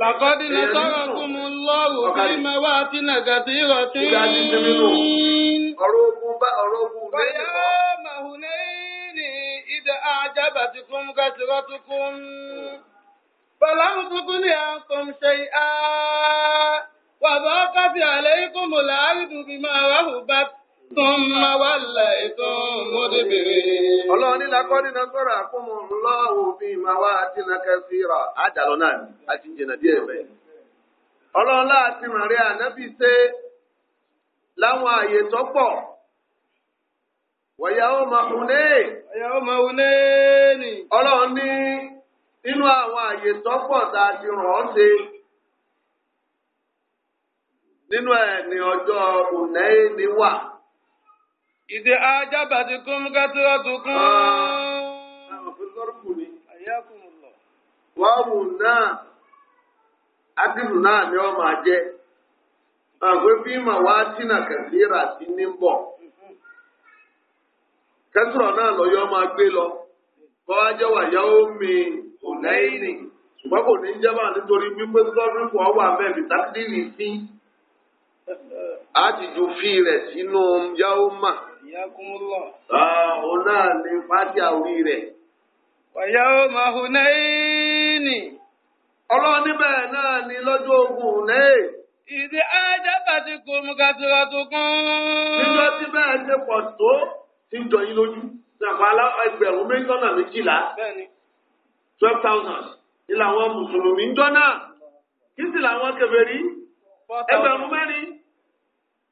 làkọ́dí lè sọ̀rọ̀ fún mi lọ́rùn bí mo wá sí nàgàtì ìrọ̀tí. tí ti mi ọ̀rọ̀ ogun bá ọ̀rọ̀ ogun lẹ́yìn kan. bàyá màhùnẹ́yìn ni ìdá àjábàtì kún kásìrọ́tì kún. فلم تكن عنكم شيئا وضاقت عليكم الأرض بما رهبت ثم وليتم مدبرين ọlọ́run sọ̀rọ̀ àkómọ ńlọ́hùn fi náà ni a ti jìnnà díẹ̀ bẹ́ẹ̀. ọlọ́run láti rí ànábì ṣe láwọn àyè tó ó máa ní. ó máa ní. ti ọ́ ṣe nínú ẹ̀ ni wà. ìdè ajábàtì kún kátìrọ̀ tó kún. àwọn fúnfọ́rọ̀ wù náà ádìrú náà ni wọ́n máa àgbẹ̀ bí mà wá sí ní bọ̀. náà lọ kọ́ ajẹ́ ó mi lẹ́yìn ṣùgbọ́n kò ní jẹ́ báà nítorí ọwọ́ ju fi rẹ̀ sínú òun náà ni fájà orí rẹ̀. ọ̀yá ó máa hù náírì. ọlọ́run níbẹ̀ náà ni lọ́jọ́ ogun náírì. ìdí ajá bàtí kò mú kàtúrà tó kún. níjọ́ tí bẹ́ẹ̀ ṣe pọ̀ tó ti ń jọ yín lójú. ṣàpàlà ẹgbẹ̀rún méjì lọ́nà méjìlá. bẹ́ẹ̀ni. twelve thousand ni làwọn mùsùlùmí ń jọ náà. kí sì làwọn kèfèrí. ẹgbẹ̀rún mẹ́rin.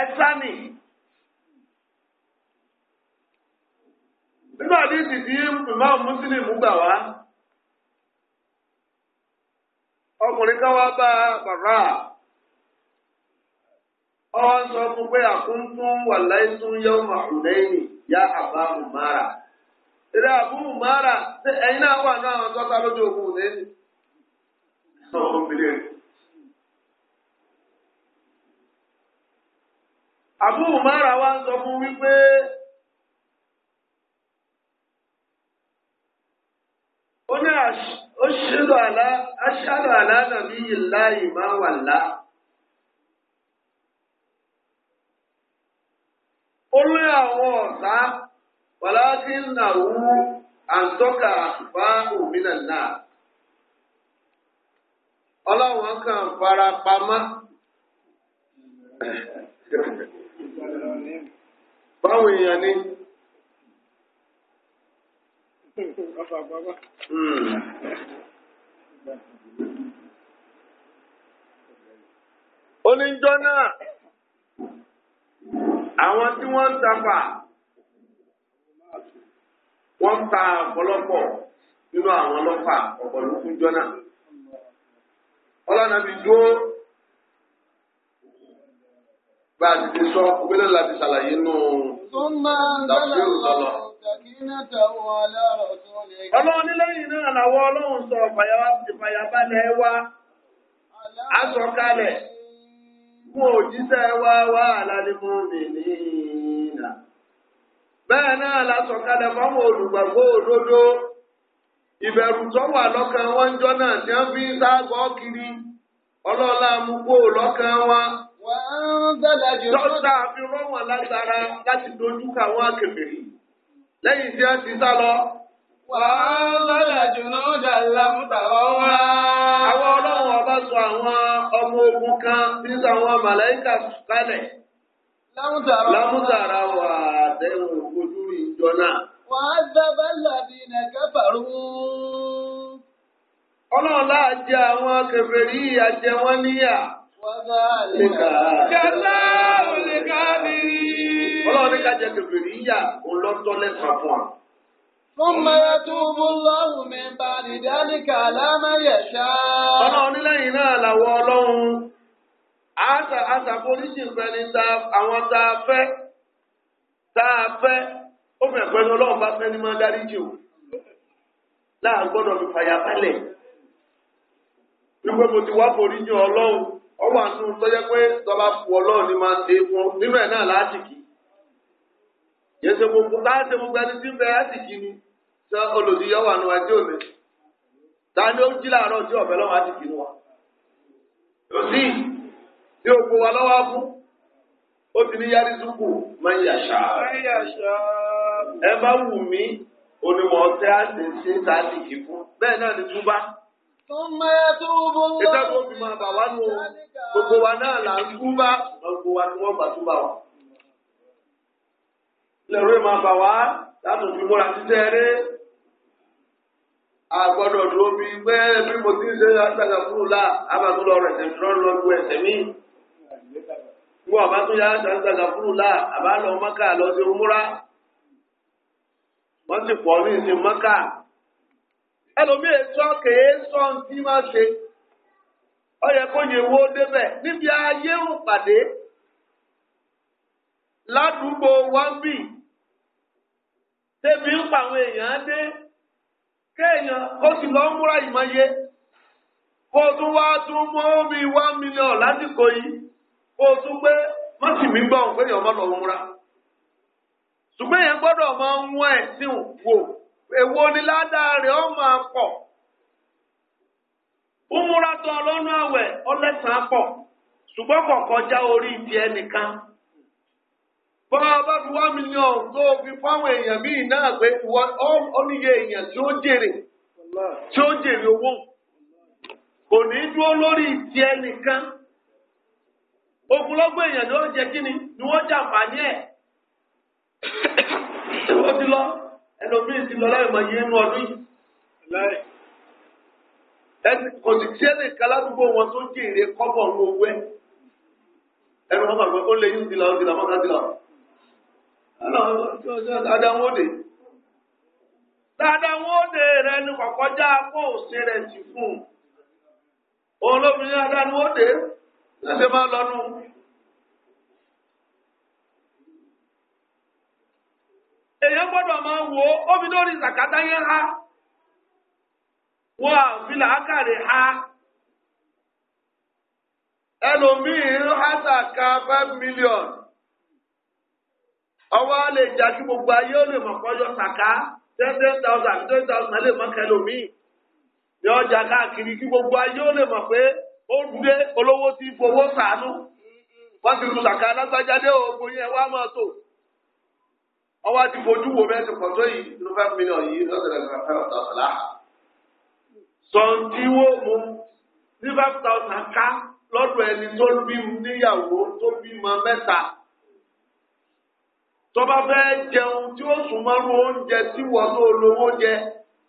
ẹ̀sánì. Nínú àdíjì tí Imam Muslim gbà wá, ọkùnrin kan wá bá bàrà. Ọwọ́ sọ fún pé àkúntún wà láìsún yóò mà ọ̀lẹ́yìn yá àbá Mùmárà. Eré àbú Mùmárà, ẹ̀yin náà wà náà tọ́ta ogun Abu Umara wa ń sọ onye wípé ó ní aṣílò àlá aṣáàlò àlá nàbí ìláyìí máa wà lá. Ó lé na ọ̀tá wàláàdì kan fara pamọ́. báwọn èèyàn ni. Hmm. oníjọ́ náà àwọn tí wọ́n ń tafà wọ́n ta ọ̀pọ̀lọpọ̀ nínú àwọn ọlọ́pàá ọ̀pọ̀lọpọ̀ jọ náà ọlọ́nà bíi dúró. bá a dìde sọ obìnrin láti ṣàlàyé nù ọlọ́run náà ọlọ́run sọ wa fún òjíṣẹ́ wa mi nìyína. bẹ́ẹ̀ la olùgbàgbọ́ òdodo ìbẹ̀rù tó wà lọ́kàn wọn jọ náà tí wọ́n fi ń sáàgọ́ kiri mú kó dọ́kítà fi rán wọn lágbára láti dojú kà wọn kèfèrí lẹ́yìn tí wọ́n ti sá lọ. wàhálà làjùnà dàlámùtà ọ̀wá. àwọn ọlọ́run ọba sọ àwọn ọmọ ogun kan nínú àwọn màláìkà kalẹ̀. lámùtàrà wà àtẹ̀wò ojú ìjọ náà. wàá dábàá làbí nàgàfàrú. ọlọ́run láà àwọn kèfèrí àjẹwọ́n níyà. Kàlá olè kábìrì. Ọlọ́run ní ká jẹ kèfèrí yà òun lọ́tọ́ lẹ́sàn-án fún wa. Fún mẹ́rẹ́ tó bú lọ́hùn mi bá nìdálí kàlá mẹ́yẹ̀ ṣá. Ọlọ́run nílẹ̀yìn náà làwọ̀ ọlọ́run. Àṣà àṣàforíṣì ìfẹ́ni àwọn tá a fẹ́. Tá a fẹ́. Ó fẹ́ pẹ́ni ọlọ́run bá fẹ́ ni máa dárí jù. Láà gbọ́dọ̀ fi fàyà pẹ́lẹ̀. Wípé mo ti wá foríjì ọlọ́run. ọwọ́ àánú tọ́jẹ́ pé tọba fu ọlọ́run ni máa ń dé fún nínú ẹ̀ náà láàtìkì yẹsẹ gbogbo láàṣẹ gbogbo ẹni tí ń bẹ ni sọ wà nù ó wa tí lọ́wọ́ fún ó ti ní máa ń ẹ bá wù mí onímọ̀ ọ̀tẹ́ àti ṣe fún bẹ́ẹ̀ Ìta tó fi máa bà wá nù gbogbo wa náà là ń kú bá gbogbo wa ni wọ́n gbà tó bà wá. Lẹ̀rọ máa bà wá látò fi múra títẹ́ rí. Àgbọ̀dọ̀ dúró bí pé bí mo ti ń ṣe àgbàgbà kúrò láà, a máa tún lọ rẹ̀ ṣẹ̀ tún lọ ju ẹ̀sẹ̀ mí. Wọ́n àbá tún yá àgbàgbà kúrò láà, àbá lọ mọ́kà lọ sí múra. Wọ́n sì pọ̀ ní ìsìn mọ́kà. ẹlòmí èso kèé sọ ntí máa ṣe ọyẹ kó yẹ wo débẹ̀ níbi ayé ń pàdé ládùúgbò wámbì tẹbi ń pa àwọn èèyàn dé kéèyàn ó sì lọ múra ìmọye kó o tún wá tún mú omi yìí kó o tún mọ́ múra ṣùgbọ́n èèyàn gbọ́dọ̀ ewu ni ládàá rẹ̀ ọ maa pọ̀ umuratọ ọlọ́nu àwẹ̀ ọlẹ́sàn ṣùgbọ́n kọjá orí ti ẹnìkan bọ́ọ̀ bá fi wá mílíọ̀n tó fáwọn èèyàn míì náà pé ó èèyàn tí ó jèrè tí ó jèrè owó kò ní dúró lórí ẹnìkan èèyàn ó jẹ ẹlòmíì ti lọ láì mọ iye inú ọdún yìí kò sì tí ẹnì kan ládùúgbò wọn tó jèrè kọ́bọ̀ ọ̀run owó ẹ̀ ẹnu wọn gbàgbé ó lè yín dìlà dìlà mọ́ta dìlà dáadáa wọn ò dé dáadáa wọn ò dé rẹ ní kọ̀kọ́já kó o ṣe rẹ̀ sí fún un òun lóbìnrin dáadáa ni wọn ò dé ṣe máa lọ́nu. èèyàn gbọ́dọ̀ ma wò ó omi lórí zàkátà ha wọn àfi làákàrè ha ẹlòmíì ha zàkà five million ọwọ́ lè gbogbo ayé ọjà káàkiri kí gbogbo ayé ó ma pé ó dúdé olówó ti fowó sàánú wọ́n ti alágbájáde ọwọ́ ti fojú wo bẹ́ẹ̀ ti pọ̀ tó yìí tó fẹ́ mílíọ̀n yìí lọ́sẹ̀rẹ̀ kan fẹ́ ọ̀tọ̀ ọ̀tọ̀lá. sọ̀ǹtìwó mu ní five thousand ká lọ́dọ̀ ẹni tó bí níyàwó tó bímọ mẹ́ta. tọ́ba fẹ́ jẹun tí ó sùn mọ́rú oúnjẹ tí wọ́n tó lówó jẹ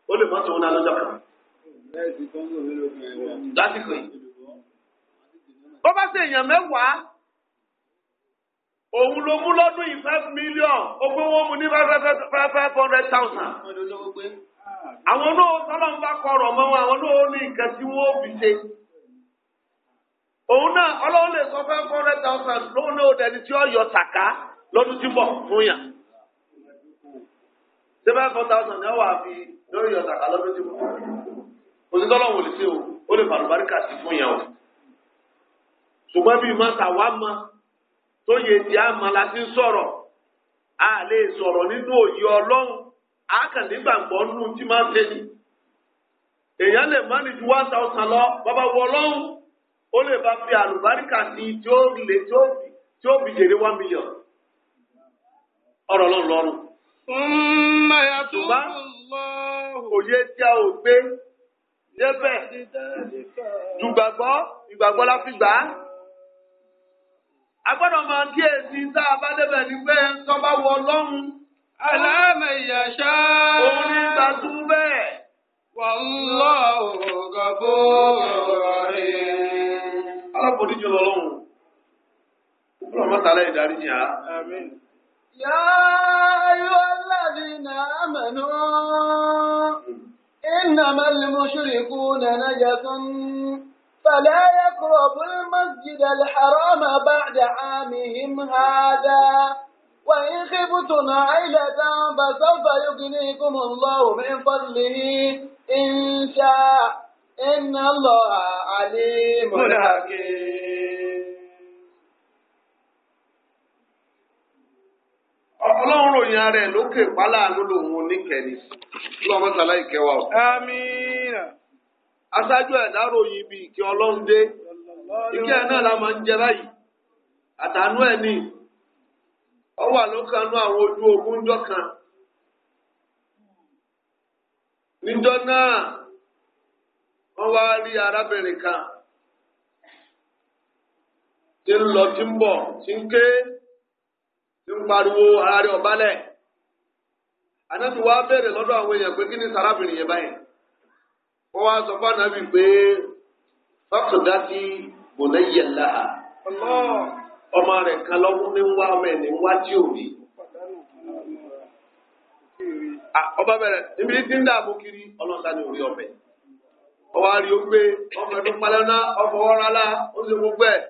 ó lè mọ́tò wọn lọ́jọ́ kan. lásìkò yìí. bọ́bá ṣe èèyàn mẹ́wàá òun ló mú lọ́dún yìí five million ó pé wọ́n mú ní five hundred thousand. àwọn náà sọ́nà bá kọrọ̀ mọ́ wọn àwọn náà ní nǹkan tí wọ́n fi ṣe. òun náà ọlọ́run lè sọ five hundred thousand lóun náà ó dẹni tí ó yọ tàká lọ́dún tí bọ̀ fún yàn. ṣé five hundred thousand ni wọ́n wà fi lórí yọ tàká lọ́dún tí ń bọ̀. òṣìṣẹ́ ọlọ́run ò lè ṣe o ó lè fàlùbáríkà sí fún yàn o. ṣùgbọ́n bí màtà wá máa tó yẹ di àmọ́ la ti sọ̀rọ̀ a lè sọ̀rọ̀ nínú òye ọlọ́run àkàndíngbàgbọ́ nínú tí máa ń tẹ̀lé èèyàn lè má ní ju one thousand lọ bàbá wọ ọlọ́run ó lè bá fi àlùbáríkà sí tí ó lè tí ó fi tí ó fi jèrè one million ọ̀rọ̀ lọ́run lọ́rùn. ọmọ ya tó ń lọ. òye tí a ò gbé débẹ̀ dùgbàgbọ́ ìgbàgbọ́ la fi gbà á agbọ́dọ̀ máa kí èsì tá a bá débẹ̀ ní pé tó wọ ọlọ́run. aláàmì ìyàṣá. òun ní gbàtú bẹ́ẹ̀. wallahu ghafurur rahim. alábòdì jùlọ lọ́hùn. kúkúrò mọ́ta lẹ́yìn darí ni a. àmín. ya ayyuhal ladhina amanu hmm. innamal mushrikuna najasun. فلا يقربوا المسجد الحرام بعد عامهم هذا وإن خفتم عيلة فسوف يغنيكم الله من فضله إن شاء إن الله عليم حكيم ọlọ́run ròyìn ara ẹ̀ lókè pálá àánú lòun oníkẹ́ni lọ́mọ́sálá ìkẹwàá. àmín. aṣáájú ẹ̀dá ròyìn ibi ìkẹ́ ọlọ́run dé ìkẹ́ ẹ̀ náà la máa ń jẹ báyìí àtànú ẹ̀ ní ọwọ́ àwọn ojú ogun kan níjọ náà wọ́n wá rí arábìnrin kan tí ń lọ tí ń bọ̀ tí ń ké tí ń pariwo ara rẹ̀ ọ̀bálẹ̀ ó wá sọ fún ànábì pé fákùdá dáti bùnà yẹlá ọmọ rẹ̀ kan lọ́wọ́ ní wá ọmọ ẹ̀ ní wá tí ò rí. ọba bẹ̀rẹ̀ níbi tí ń dààmú kiri ọlọ́sà orí ọbẹ̀ ọmọ ẹ̀dùn ọmọ ọ̀rọ̀ ó gbogbo ẹ̀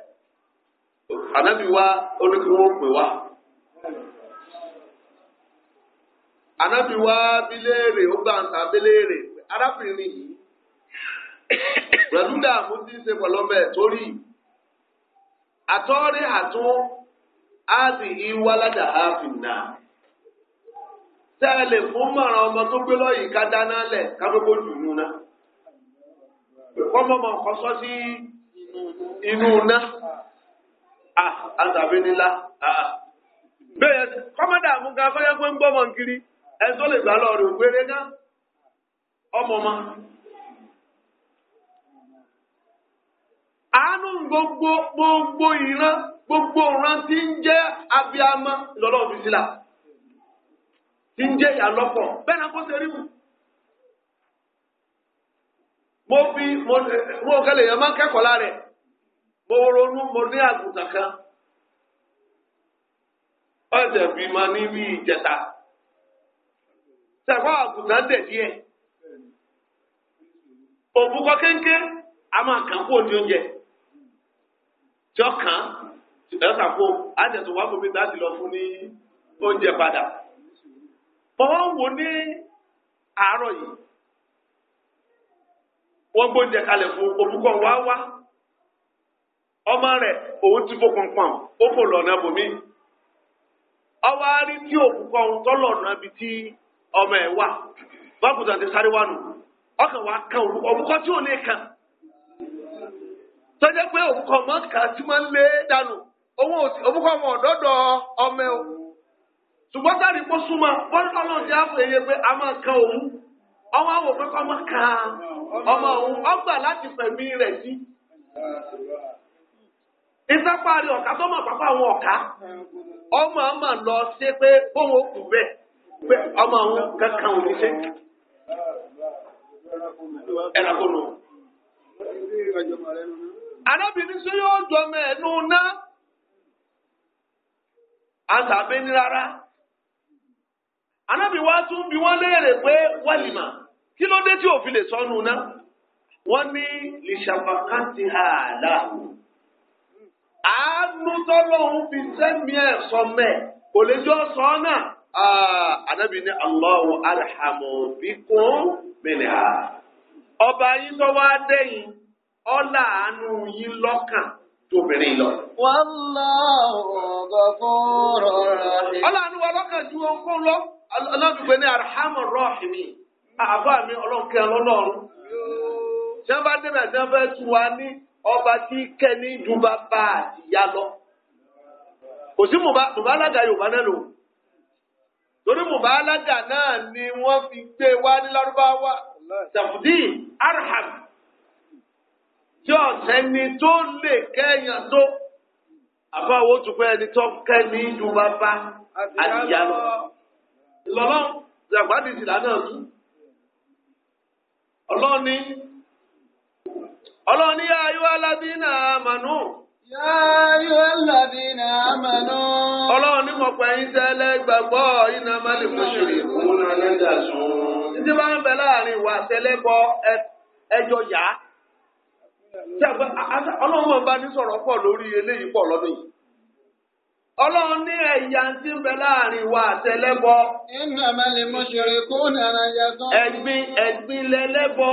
wa pè wá. pẹ̀lú dààmú ti ń ṣe pọ̀lọ́mẹ̀ torí àtọ́rí àtún áàdì ìwáládà ààfin náà tẹ́ ẹ lè fún mọ̀ràn ọmọ tó gbé lọ́yìí ká dáná lẹ̀ ká náà kọ́mọ́mọ́ kọ́ inú náà ah àtàbí nílá bẹ́ẹ̀ kọ́mọ́dà pé ń nkiri ẹ̀ tó lè gbà lọ́ọ̀rì náà àánú gbogbo gbogbo ìran gbogbo ìran tí n jẹ́ abiyamọ lọ́lọ́run fi sílà tí ń jẹ́ ìyá náà kó ṣe rí mu. mo fi mo kẹlẹ̀ yẹn máa ń kẹ́kọ̀ọ́ lára ẹ̀ mo ronú mo ní àgùntàn kan bí ma ní bí ìjẹta a máa kàn tí ọkàn ẹ̀ka fún àjẹsùn wà fún láti lọ fún ní oúnjẹ padà. wọ́n wò ní àárọ̀ yìí wọ́n gbóúnjẹ fún olùkọ́ wá wá ọmọ rẹ òun ti fò ó fò bòmí. tí òkùnkọ́ ohun tọ́lọ̀nà bíi tí ọmọ bákùtà ti sáré wánu ọkàn kan tí tọ́jà pé òbúkọ mọ́tìkà tí wọ́n lé dànù owó òbúkọ ọmọ ọ̀dọ́dọ̀ ọmọ o ṣùgbọ́n táàrí kó súnmọ́ bọ́lá ọlọ́run ti àpò èyẹ pé a máa kan òun ọmọ àwọn máa ka ọmọ òun ọgbà láti rẹ̀ sí. ìsápá rí ọ̀ká tó mọ̀ pápá àwọn ọ̀ká ọmọ lọ sí pé bóun ó kù bẹ́ẹ̀ pé ọmọ kankan ṣe. ẹ̀rọ kò nù. arábìnrin sí yóò jọmọ ẹnu ná àtàbí ní rárá anábì wá tún bí wọ́n léèrè pé wálìmà kí ló dé tí òfin lè sọnù ná wọ́n ní lìṣàfàkà ti hà láàrú àánú tọ́lọ́hún fi sẹ́mi ẹ̀ sọmẹ́ kò lè jọ sọ ọ́ náà anábì ah, ní Allahu alhamu bikum ha. ọba yín sọ wá dẹ́yìn. ọlá àánú yín lọ́kàn tóbìnrin lọ. Wallahu ghafurur rahim. ọlá àánú wa lọ́kàn ju ogún lọ ọlọ́dúnpẹ́ ní arhamur rahimin àbá mi ọlọ́kẹ́ ọlọ́run. tí wọ́n bá débẹ̀ tí wọ́n fẹ́ tu wa ní ọba tí kẹ́ni dùbà bá àtìyá lọ. kò sí mùbálágà Yorùbá náà lò torí mùbálágà náà ni wọ́n fi gbé wa ní lárúbáwá tàfùdí arham. tí ọ̀sẹ́ni tó lè kẹ́yàn tó àbáwo tó pẹ́ ẹni tó kẹ́ni ju bàbá àdìyá lọ. ìlọ́lọ́ ìjàgbádìí ọlọ́ni ọlọ́ni yá ayé aládínà àmànú. yá ayé aládínà àmànú. ọlọ́ni mọ̀pẹ́ yín tẹ́lẹ̀ gbàgbọ́ iná má lè fojú rí ìmúná sùn. títí ń ọlọ́run bá ní sọ̀rọ̀ pọ̀ lórí eléyìí pọ̀ lọ́dún yìí. Ọlọ́run ní ẹ̀yà tí ń bẹ láàrin wa àtẹlẹ́bọ. Ẹ̀gbin ẹ̀gbin lẹ́lẹ́bọ.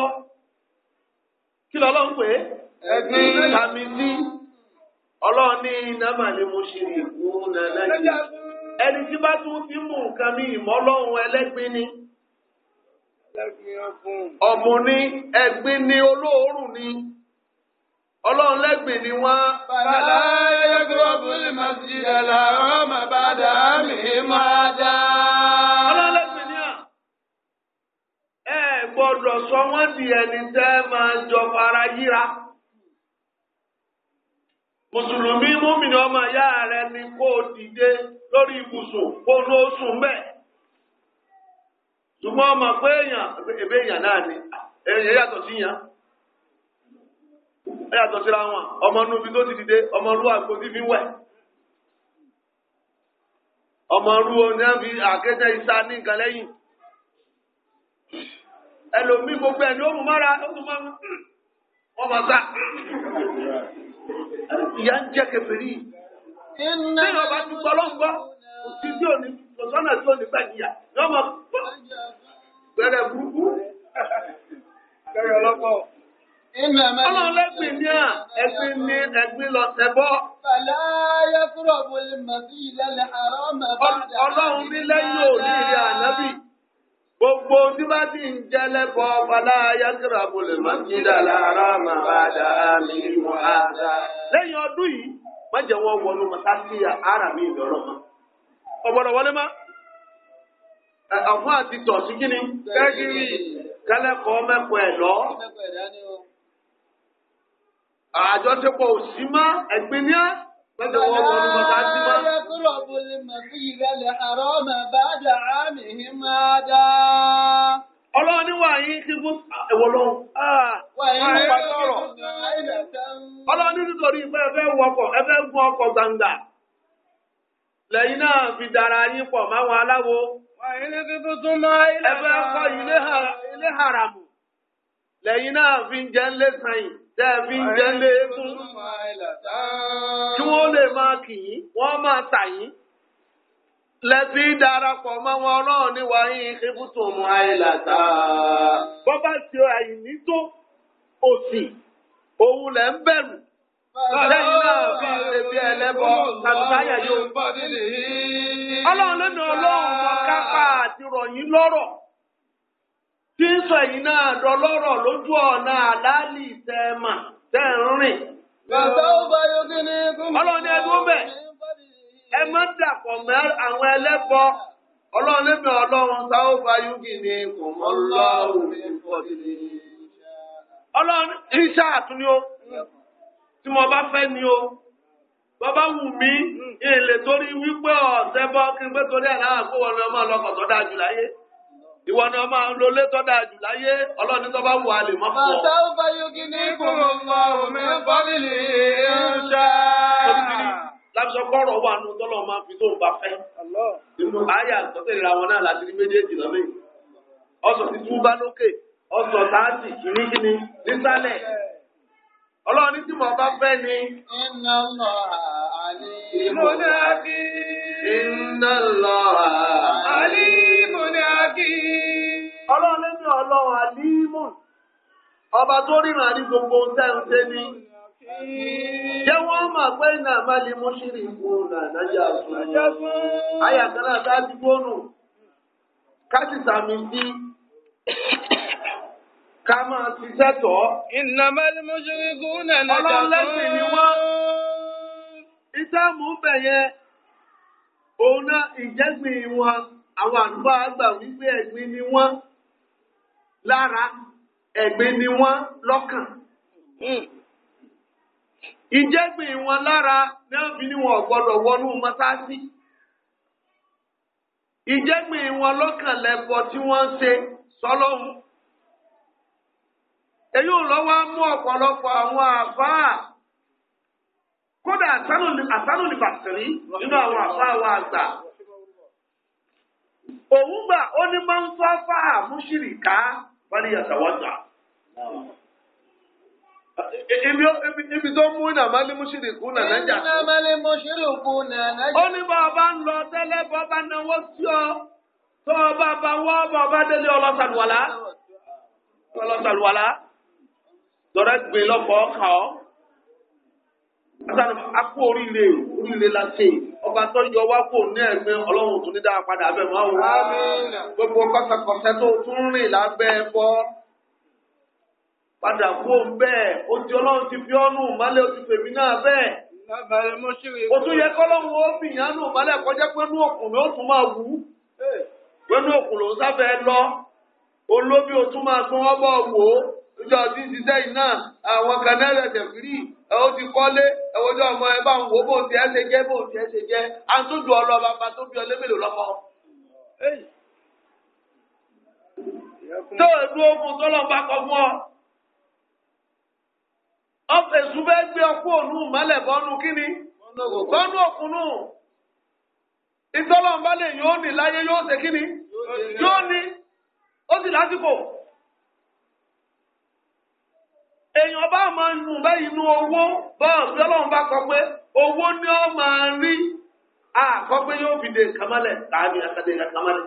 Kí lọ́lọ́ ń pè ní. Ọlọ́run ní innamal Ẹni tí bá tún fi mú nǹkan mi ìmọ̀ ọlọ́run ẹlẹ́gbin ni. ọlọ́run lẹ́gbìn ni wọ́n. bàbá yẹ́gbọ́n bùrì màsí ẹ̀là ọmọ bàdà mi máa dá. ọlọ́run lẹ́gbìn ni ẹ gbọ́dọ̀ sọ wọ́n di ẹni tẹ́ máa jọ fara yíra. mùsùlùmí ọmọ ìyá rẹ ni kó ibùsùn kó o sùn bẹ́ẹ̀. ṣùgbọ́n ọmọ pé náà ni èèyàn yàtọ̀ sí yàn. ẹ yàtọ̀ síra wọn ọmọ inú ibi tó ti dìde ọmọ inú àgbo tí fi wẹ̀ ọmọ inú oní ní nǹkan lẹ́yìn ẹlòmíì gbogbo ẹ̀ ní òmù mára òmù máa wọ́n máa sá ìyá ń jẹ́ kẹfìrí ní ọba dúpọ̀ ọlọ́ngbọ́ òsì tí ò ní lọ́sọ́nà tí ò ní gbàdìyà ní ọmọ gbẹrẹ burúkú Ọlọ́run lẹ́gbìn ní à, ẹgbìn ní ẹgbìn lọ tẹ́bọ́. Ọlọ́run ní lẹ́yìn òní Gbogbo tí bá ti ń jẹ́ lẹ́bọ̀ padà yájúra kò lè mà bá dà mí àdá. Lẹ́yìn ọdún yìí, jẹ́ wọ́n wọnú ara mi mọ́. wọlé àjọṣepọ̀ òsì má ẹgbẹ́ ní pẹ̀lú ọwọ́ ọ̀rọ̀ mọ̀tá sí má. ọ̀la yẹ́kúrọ̀ bọ̀lì màsí ìrẹ̀lẹ̀ àrọ́ ọlọ́run ní wàyí ti fún ẹ̀wọ̀ lọ́hùn. Ah, wàyí ló ní nítorí wọ ọkọ̀ gbangba. lẹ́yìn náà fi dára yín pọ̀ aláwo. lẹ́yìn náà fi ń dẹ́ẹ̀bí ń jẹ́lé eégún kí wọ́n lè máa kì í wọ́n máa tà yín lẹ́bí darapọ̀ mọ́ wọn náà ní wàyí ìkébùtò mu àìlàtà. bọ́ bá ti àìní tó òsì òun lẹ̀ ń bẹ̀rù lẹ́yìn náà bí ebi ẹlẹ́bọ mọ kápá àti rọ̀yìn lọ́rọ̀. tí ń sọ yìí náà dọlọ́rọ̀ lójú ọ̀nà àlálì tẹ́ẹ̀mà tẹ́ ń rìn. ẹdún bẹ̀ ẹ má dàpọ̀ àwọn ẹlẹ́bọ ọlọ́run ẹ̀mí ọlọ́run tá bá yọkí ní kòmọ́ tí mo ìwọ ni ọmọ àwọn olólè tó dáa jù láyé ọlọ́ni tó bá wù á lè mọ́ fún ọ. bàtà ó bá yogi ní kúrò mọ omi fọ́lìlì ṣá. lábísọ kọ́rọ̀ wà nù tọ́lọ̀ máa fi tó ń fẹ́. àyà àtọ́tẹ̀lera wọn náà láti rí méjèèjì lọ́nà yìí. ọsọ ti tú bá lókè ọsọ táàtì kìíní kìíní nísàlẹ̀. ọlọ́ni tí mo bá fẹ́ ni. iná lọ àlè. ìmúlẹ̀ iná lọ àlè. hakim ọlọ́run ní ọba tó ríran gbogbo tẹ́ǹtẹ́ ní jẹ́ wọ́n mọ̀ pé iná máàlì mú ṣírí ìbò nàìjíríà fún ayàtọ́lá sáájú gbónù káṣíṣà mi sí ká máa ṣiṣẹ́ bẹ̀yẹ òun náà ìjẹ́gbìn àwọn àlùfáà àgbà wípé ẹ̀gbin ni wọ́n lára ẹ̀gbin ni wọ́n lọ́kàn. Hmm. ìjẹ́gbìn wọn lára náà fi ni wọn gbọ́dọ̀ wọnú mọ́sáàsì. ìjẹ́gbìn wọn lọ́kàn lẹ́bọ tí wọ́n ń ṣe sọ́lọ́hún. èyí ò lọ́wọ́ mú ọ̀pọ̀lọpọ̀ àwọn àfáà kódà àsánù ní nínú àwọn àfáà wa àgbà. òun gbà ó ní máa ń fáfá àmúṣìrìká wọn ni yàtàwọ́tà. Ibi ibi tó mú iná máa lé mọ́ṣírì kú nà nájà. Iná máa lé mọ́ṣírì kú nà nájà. Ó ní bá ọba ń lọ tẹ́lẹ̀ bọ́ bá náwó sí ọ. Tó ọba bá wọ́ ọba délé ọlọ́sàlùwàlá. Ọlọ́sàlùwàlá. Lọ́rẹ́ gbé lọ́pọ̀ ọkà ọ́. Akú oríire oríire la ṣe yìí ọba tó yọ wá kò ní ẹ̀gbin ọlọ́run tún ní dáa padà bẹ̀ mọ́ àwọn. gbogbo kọ́sẹ̀kọ́sẹ́ tó tún rìn lábẹ́ ẹ̀fọ́ padà kú òun bẹ́ẹ̀ ojú ọlọ́run ti fi ọ́nù ìmọ́lẹ̀ ojú fèmí náà bẹ́ẹ̀. o tún yẹ kọ́lọ́run ó bìyànjú ìmọ́lẹ̀ kọjá pé inú òkùnrin ó tún máa wù ú pẹ̀lú òkun ló ń sáfẹ́ lọ olóbi ò tún máa tún ọgbọ́ wò ó ìjọ ń ṣiṣẹ́ iná àwọn kanáà rẹ̀ tẹ̀fìrí ẹ̀wọ́ ti kọ́lé ẹ̀wọ́ tí ọmọ ẹ bá ń wò bó ti ẹ́ ṣe jẹ́ bó ti ẹ́ ṣe jẹ́ à ń tójú ọlọ́ bàbá tó bí ọlé mélòó lọ́mọ. tó o dúró fún tọ́lọ̀ bá kọ fún ọ. ọ̀fẹ́ ṣùgbọ́n gbé ọkú ònú mọ́lẹ̀ bọ́nú kíni bọ́nú òkúnnù. ìtọ́lọ̀ ń bá lè yóò ní láyé yóò ṣe kíni yóò ní ó sì lásìkò. èèyàn bá máa nù bẹ́ẹ̀ inú owó bọ́ọ̀ ọlọ́run bá kọ pé owó ni ó máa rí àkọ́ pé yóò fi dé kamalẹ̀ tààmì àtàdé kamalẹ̀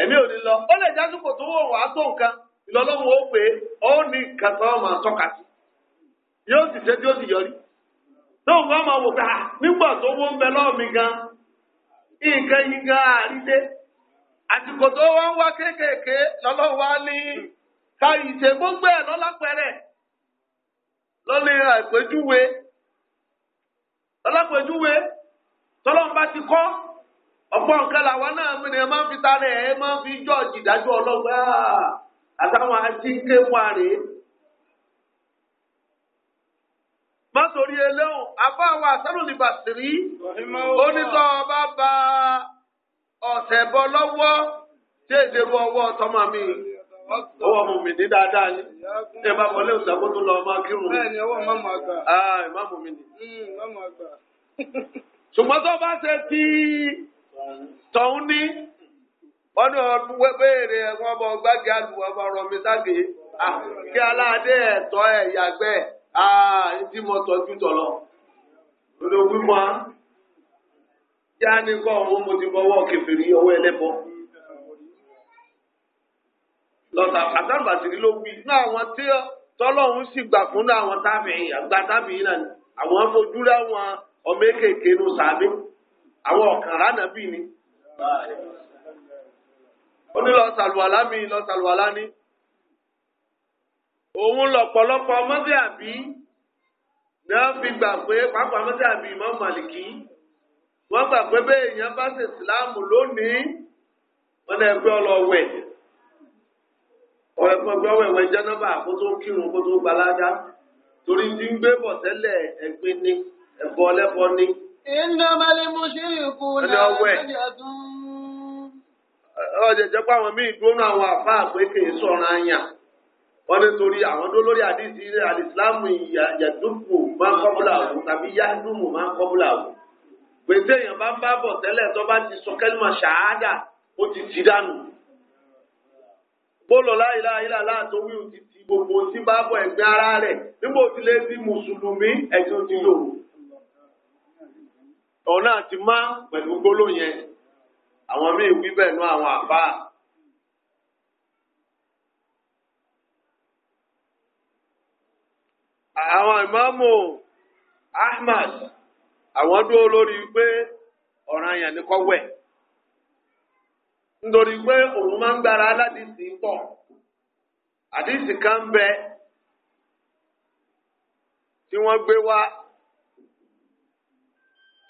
ẹ̀mí ò ní lọ ó lè jásùkò tó wò wá tó nǹkan ìlọlọ́run ó pè é ó ní kàtà ọmọ sí yóò sì ṣe ó sì yọrí tó nǹkan máa wò ká nígbà lọ́lẹ̀ àpèjúwe ọlọ́pẹ̀júwe tọ́lọ́mbà ti kọ́ ọ̀pọ̀ nǹkan làwọn náà mìíràn máa ń fi tarẹ̀ ẹ̀ máa ń fi jọ́ọ̀jì ìdájọ́ ọlọ́gbà àtàwọn ajínigbé wọn rèé. mọ́tòrí eléhùn àbáwọ̀ àtàlùlìbàṣírí onítọ̀ ọba bá ọ̀sẹ̀ bọ́ lọ́wọ́ tí èdè wọ ọwọ́ tọmọ mi owó mùmìnì dáadáa ni ẹ bá wọlé òsàkó tó lọ máa kírun. bẹ́ẹ̀ni ọwọ́ mọmọ àgbà. aa ẹ má mùmìnì. mọmọ àgbà. ṣùgbọ́n tó bá ṣe tí tọ̀hún ní ọdún ọdún wẹ́bẹ̀rẹ̀ ẹ̀wọ̀n ọmọ gbági àlùwọ̀ ọmọ ọ̀rọ̀ mi sáàgé kí aláàdé ẹ̀tọ́ ẹ̀ yàgbẹ́ ìdí mọ́ tọ́jú tọ̀lọ̀ lórí wíwá yá ní kọ́ ọ̀hún mo ti bọ́wọ́ kẹfìrí ọwọ́ ẹlẹ́bọ̀ọ́ lọ́sà àtàwọn àṣírí ló wí náà àwọn tí tọ́lọ́hún sì gbà fún náà àwọn táàmì àgbà táàmì yìí náà àwọn fojú láwọn ọmọ èkéèké nu sàbí àwọn ọ̀kàn ránà bì ní. ó ní lọ sàlùwàlá mi lọ sàlùwàlá ní. òun lọ̀pọ̀lọpọ̀ ọmọdé àbí náà fi gbà pé pápá ọmọdé àbí ìmọ̀ màlìkì wọ́n gbà pé bẹ́ẹ̀ èèyàn bá ṣe ìsìláàmù lónìí wọ́n náà gbé ọlọ́wẹ̀ ọ̀rẹ́ fún ẹgbẹ́ ọwọ́ ẹ̀wẹ̀ jẹ́nọ́bà kó tó kírun kó tó gbalájá torí ti ń gbé bọ̀ tẹ́lẹ̀ ẹ̀gbin ni ẹ̀bọ ọlẹ́bọ ni. ìnámalẹ̀ mo ṣe ìkú náà lọ́jà tún. ọ̀jẹ̀ jẹ́ pé àwọn míì dúró náà àwọn àfa àpé kì í sọ̀rọ̀ àyà wọ́n ní torí àwọn tó lórí àdìsí àdìsílámù yàdùkù máa ń kọ́bùlà àwò tàbí yàdùmù máa ń kọ́bùlà àwò gbèsè èèyàn bá ń bá bọ̀ tẹ́lẹ̀ tó bá ti sọ kẹ́lùmọ̀ ṣáádà ó ti ti dànù bólò láìláìlá láàtó wíwù ti ti gbogbo tí bá bọ̀ ẹ̀gbẹ́ ara rẹ̀ nígbà tí lé sí mùsùlùmí ẹ̀sìn ti lò ọ̀nà àti má pẹ̀lú gbólò yẹn àwọn míì wí bẹ́ẹ̀ nú àwọn àfáà. àwọn ìmáàmù Ahmad àwọn dúró lórí pé ọ̀ranyàn ni kó wẹ̀ nítorí pé òun máa ń gbára aládìsí pọ̀ àdìsí kan bẹ tí wọ́n gbé wá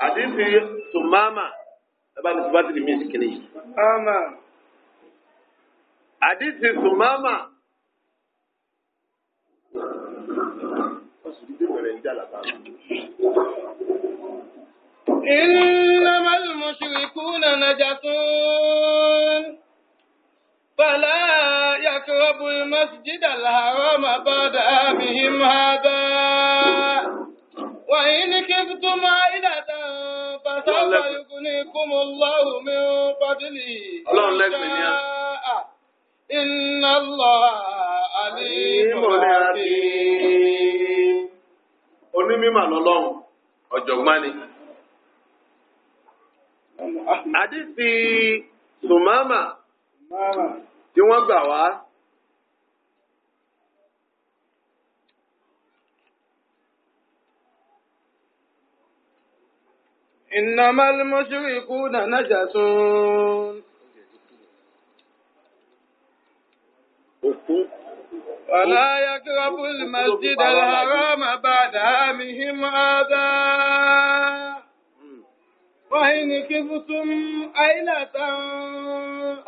àdìsí sùmáàmà ẹ̀bá mi sùmáàmà ti mi sì kiri yìí. àdìsí sùmáàmà. إنما المشركون نجس فلا يقربوا المسجد الحرام بعد عامهم هذا وإن كفتم عائلة فسوف يغنيكم الله من فضله إن الله عليم حكيم onímọ̀ lọ́lọ́run ọ̀jọ̀gbọ́n ni. àdìsí sùmámà tí wọ́n gbà wá. إنما المشركون نجس فلا يقربوا المسجد الحرام بعد عامهم هذا Wàhín ni kí fútún àìlàtà.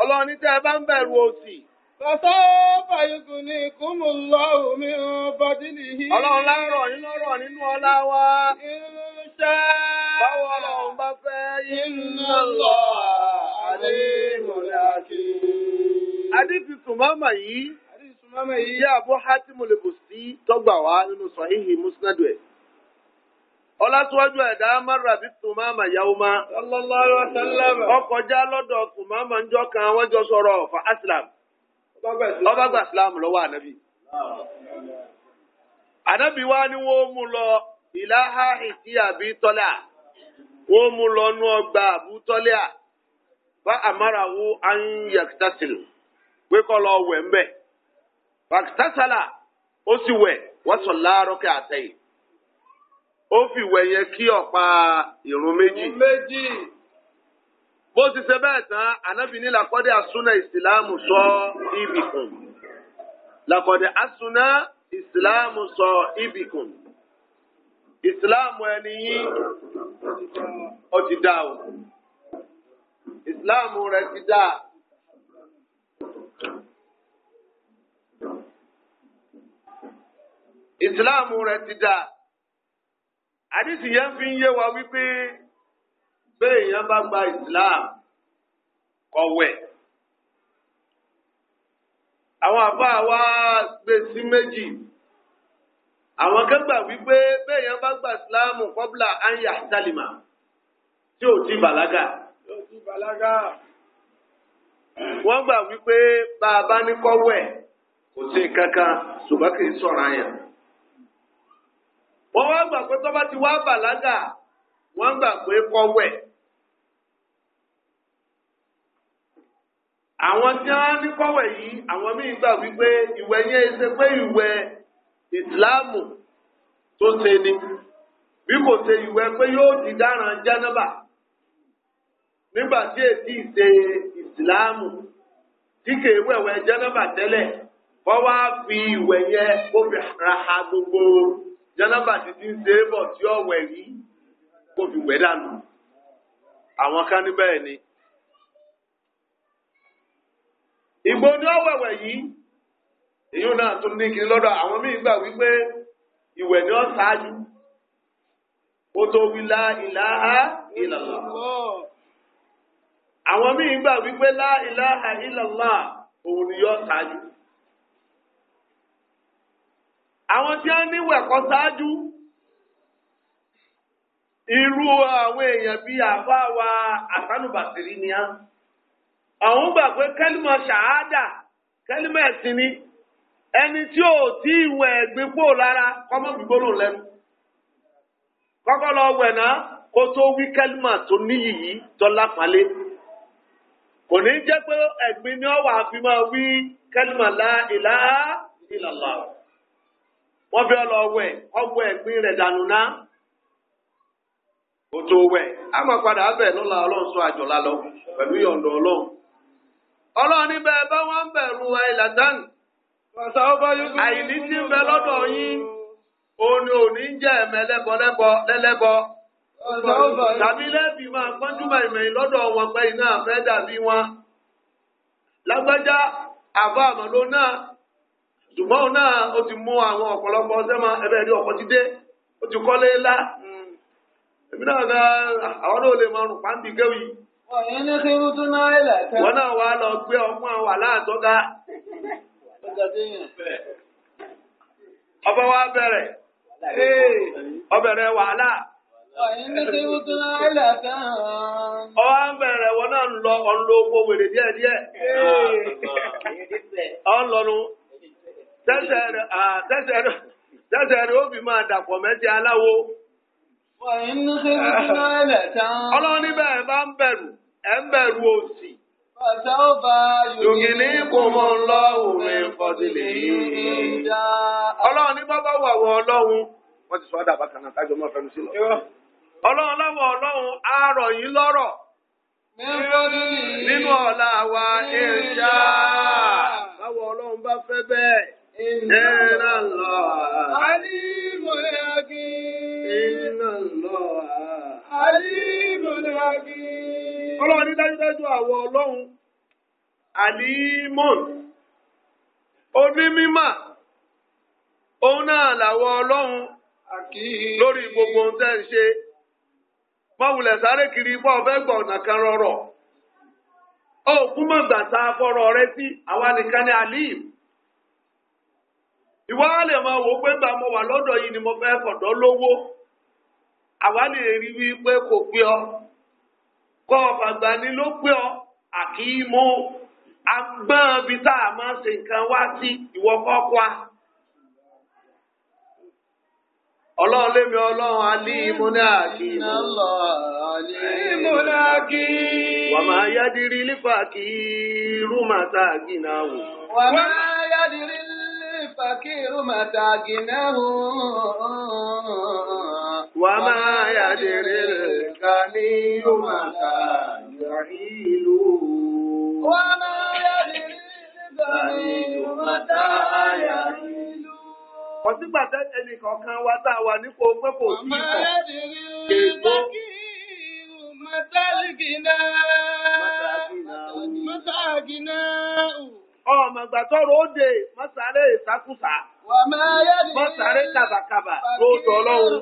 Ọlọ́run ní tẹ́ ẹ bá ń bẹ̀rù òsì. Tọ́sọ́ fàyíkùn ní ìkúmù lọ́hùn mi ò bọ́dí nìyí. Ọlọ́run lárọ̀ nínú ọ̀rọ̀ nínú ọlá wa. Irúṣẹ́. Báwo ọlọ́run bá fẹ́ iná lọ àlè ìmọ̀lẹ́ yìí. yìí. tọ́gbà wá nínú ọlátúwájú ẹ̀dá amára bí tùmáàmà yauma. ọkọjá lọ́dọ̀ tùmáàmà ńjọ́ kan wọ́n jọ sọ̀rọ̀ fa asilam. ọba gba islam lọ́wọ́ anabi anabi wa ni wọ́n mú lọ ìlàhà ìtì àbí tọ́lá. wọ́n mú lọ nú ọgbà àbú fa wo anyakitasil. pé kọ́ lọ wẹ̀ ń bẹ̀. ó sì wẹ̀ wọ́n sọ ó fìwẹ̀ yẹn kí ọ̀pá ìrún méjì. méjì. bó ti ṣe bẹ́ẹ̀ tán ànábì ní làkọ́dé àsúná ìsìláàmù sọ ibìkùn. làkọ́dé asúná ìsìláàmù sọ ibìkùn. ìsìláàmù ẹni yín ó ti dá o. ìsìláàmù rẹ ti dá. ìsìláàmù rẹ ti dá. àdìsí yẹn fi ń yé wa wípé bẹ́ẹ̀ èèyàn bá gba Islam kọ̀wẹ̀ àwọn àbá wa gbé sí méjì àwọn kan gbà wípé bẹ́ẹ̀ èèyàn bá gba Islam kọ́bùlà anya sálìmà tí ò ti bàlágà. tí ò ti bàlágà. wọ́n gbà wípé bá a bá ní kọ́wẹ̀ kò sí kankan ṣùgbọ́n kì í sọ̀rọ̀ àyàn wọ́n wá gbà pé tó bá ti wá bàlágà wọ́n gbà pé kọ́wẹ̀. àwọn tí wọ́n ní kọ́wẹ̀ yìí àwọn míì gbà wípé ìwẹ̀ yẹn ṣe pé ìwẹ̀ ìsìláàmù tó ṣe ni bí kò ṣe ìwẹ̀ pé yóò di dáràn jẹ́nẹ́bà nígbà tí èsì ṣe ìsìláàmù tí kèé wẹ̀wẹ̀ jẹ́nẹ́bà tẹ́lẹ̀ wọ́n wá fi ìwẹ̀ yẹn kó fi ra ha gbogbo jánábà ti ti ń ṣe é bọ̀ tí ọ̀wẹ̀ rí kó fi wẹ̀ dànù àwọn kan ní bẹ́ẹ̀ ni. ìgbò ní ọ̀wẹ̀wẹ̀ yìí èyí náà tún ní kiri lọ́dọ̀ àwọn míì gbà wípé ìwẹ̀ ni ó ṣáájú ó tó wí lá ìlàhà ìlàlá. àwọn míì gbà wípé lá ìlàhà ìlàlá òun ni yóò ṣáájú àwọn tí wọ́n ní wẹ̀kọ́ ṣáájú irú àwọn èèyàn bíi àbá wa ni á àwọn gbà pé kẹ́límọ̀ ṣàádà kẹ́límọ̀ ẹ̀sìn ni ẹni tí ò tí ìwẹ̀ ẹ̀gbin pò lára kọ́mọ́ gbígbóná lẹ́nu kọ́kọ́ lọ wẹ̀ náà kó tó wí kẹ́límọ̀ tó níyì yìí tó lápalé kò ní jẹ́ pé ẹ̀gbin ni ó wà máa wí kẹ́límọ̀ lá ìlàhà wọ́n fẹ́ lọ wẹ̀ ọwọ́ ẹ̀gbin rẹ̀ dànù ná tó wẹ̀ padà abẹ lọ́la ọlọ́run sọ àjọlá lọ pẹ̀lú yọ̀ǹda ọlọ́run ọlọ́run níbẹ̀ bá wọn ń bẹ̀rù àìlàdánù àìní tí ń bẹ lọ́dọ̀ yín òní òní ń tàbí máa wọn iná dàbí wọn lágbájá àbá ṣùgbọ́n òun ó ti mú àwọn ọ̀pọ̀lọpọ̀ sẹ́mọ ẹ̀bẹ̀ ọkọ̀ ti dé ó ti kọ́lé ńlá. èmi náà ga àwọn náà lè máa rùn pàǹdì gẹ́wì. wọ́n náà wá lọ gbé ọmọ àwọn aláàtọ́gá. ọba wa bẹ̀rẹ̀ ọbẹ̀rẹ̀ wàhálà. bẹ̀rẹ̀ wọn náà ń lọ wèrè díẹ̀díẹ̀. tẹ́sẹ̀rẹ̀ òbí máa dàpọ̀ mẹ́tí aláwo. ọlọ́run níbẹ̀ ẹ bá ń bẹ̀rù ẹ ń bẹ̀rù òsì. Yògìní kò mọ lọ́hùn mi yìí. Ọlọ́run ní bá wà wọ ọlọ́run. Wọ́n ti sọ ọ́dà náà sí lọ. Ọlọ́run láwọ̀ ọlọ́run àárọ̀ yìí lọ́rọ̀. Nínú إن الله عليم حكيم إن الله عليم حكيم ọlọ́run ní dájúdájú àwọ̀ ọlọ́run àlímọ̀n onímímà òun náà làwọ̀ ọlọ́run lórí gbogbo ohun tẹ́ ń ṣe mọ̀wùlẹ̀ sáré kiri ọ̀nà kan rọrọ̀ tá a rẹ sí àwa nìkan ní ìwọ á lè máa wò pé gbà mo wà lọ́dọ̀ yìí ni mo fẹ́ fọ̀dọ́ lówó àwa lè rí wí pé kò pé ọ kọ́ ọ̀fàgbà ni ló pé ọ àkíyímọ́ agbọ́n bíi tá a máa ṣe nǹkan wá sí ìwọ kọ́kọ́ Ọlọ́run lémi ọlọ́run alímú ní àkíyímọ́. Alímú ní àkíyímọ́. Wà máa yá dirí lífà kí rúmà tá a kì náà wò. Wà máa yá dirí الفقير متى غناه وما يدري الغني متى يعيل وما يدري الغني متى يعيل kọsígbà tẹ́tẹ̀lì kọ̀ọ̀kan wa tá a wà nípò pé kò sí ìkọ̀ kéèkó. mọ́tàgínà mọ́tàgínà mọ́tàgínà. ọmọ ìgbà tọrọ òde mọ́sàárẹ̀ ìsákùsà mọ́sàárẹ̀ kàbàkàbà tó tọ̀ ọlọ́run.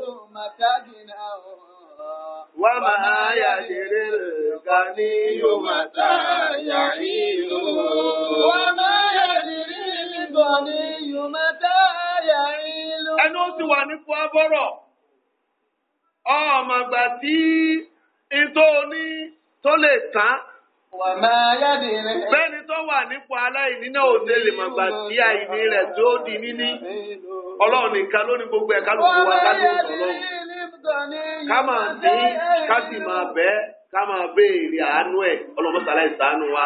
wà á máa yà lérè ga ní yóò máa tà yà rí o. wà á máa yà lérè ní yóò o. ó ti wà nípò abọ́rọ̀ ọmọ ìgbà tí Bẹ́ẹ̀ni tó wà nípò aláìní náà ò lè lè mọ̀ gbà tí àìní rẹ̀ tó di níní. Ọlọ́run nìkan ló gbogbo ẹ̀ ló wà kálóòtù ọlọ́run. Ká máa ní ká sì máa bẹ́ ká máa béèrè àánú ẹ̀ ọlọ́run mọ́sálá ìsánú wa.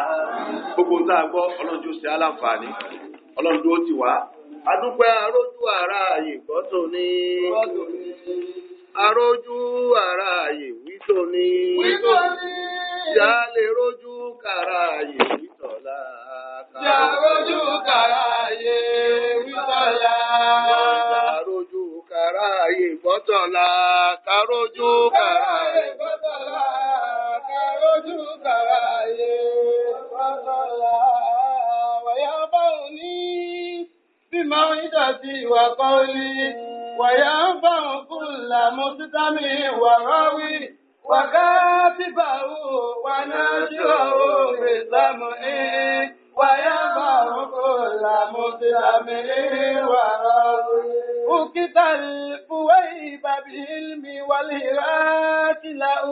Gbogbo ń tá a gbọ́ ọlọ́run tó ṣe aláǹfààní. Ọlọ́run tó ti wá. Adúpẹ́ arójú ara àyè gbọ́ tòní. Arójú ara àyè wí tòní. Wí tòní. Yà lè rojú kàrà ayé wítọ̀lá. Yà rojú kàrà ayé wítọ̀lá. Yà rojú roju ayé gbọ́tọ̀lá. Kà rojú kàrà ayé gbọ́tọ̀lá. Kà waya kàrà ayé gbọ́tọ̀lá. Wàyà báwo ní bí máa ń dàbí ìwà kan ní? Wàyà báwo kúlà mọ́tútámì wàráwì. وكاتبه وناشره بالسمع وينبع كل مسلم وراوي أكت الكويب بالعلم والهراك له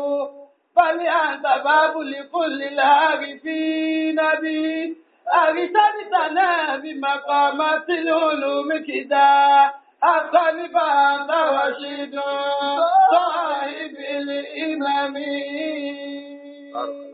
فلأنت باب لكل العارفين به أرسلتنا بمقامات العلوم كدا أقلبا رشيد صاحب الإمام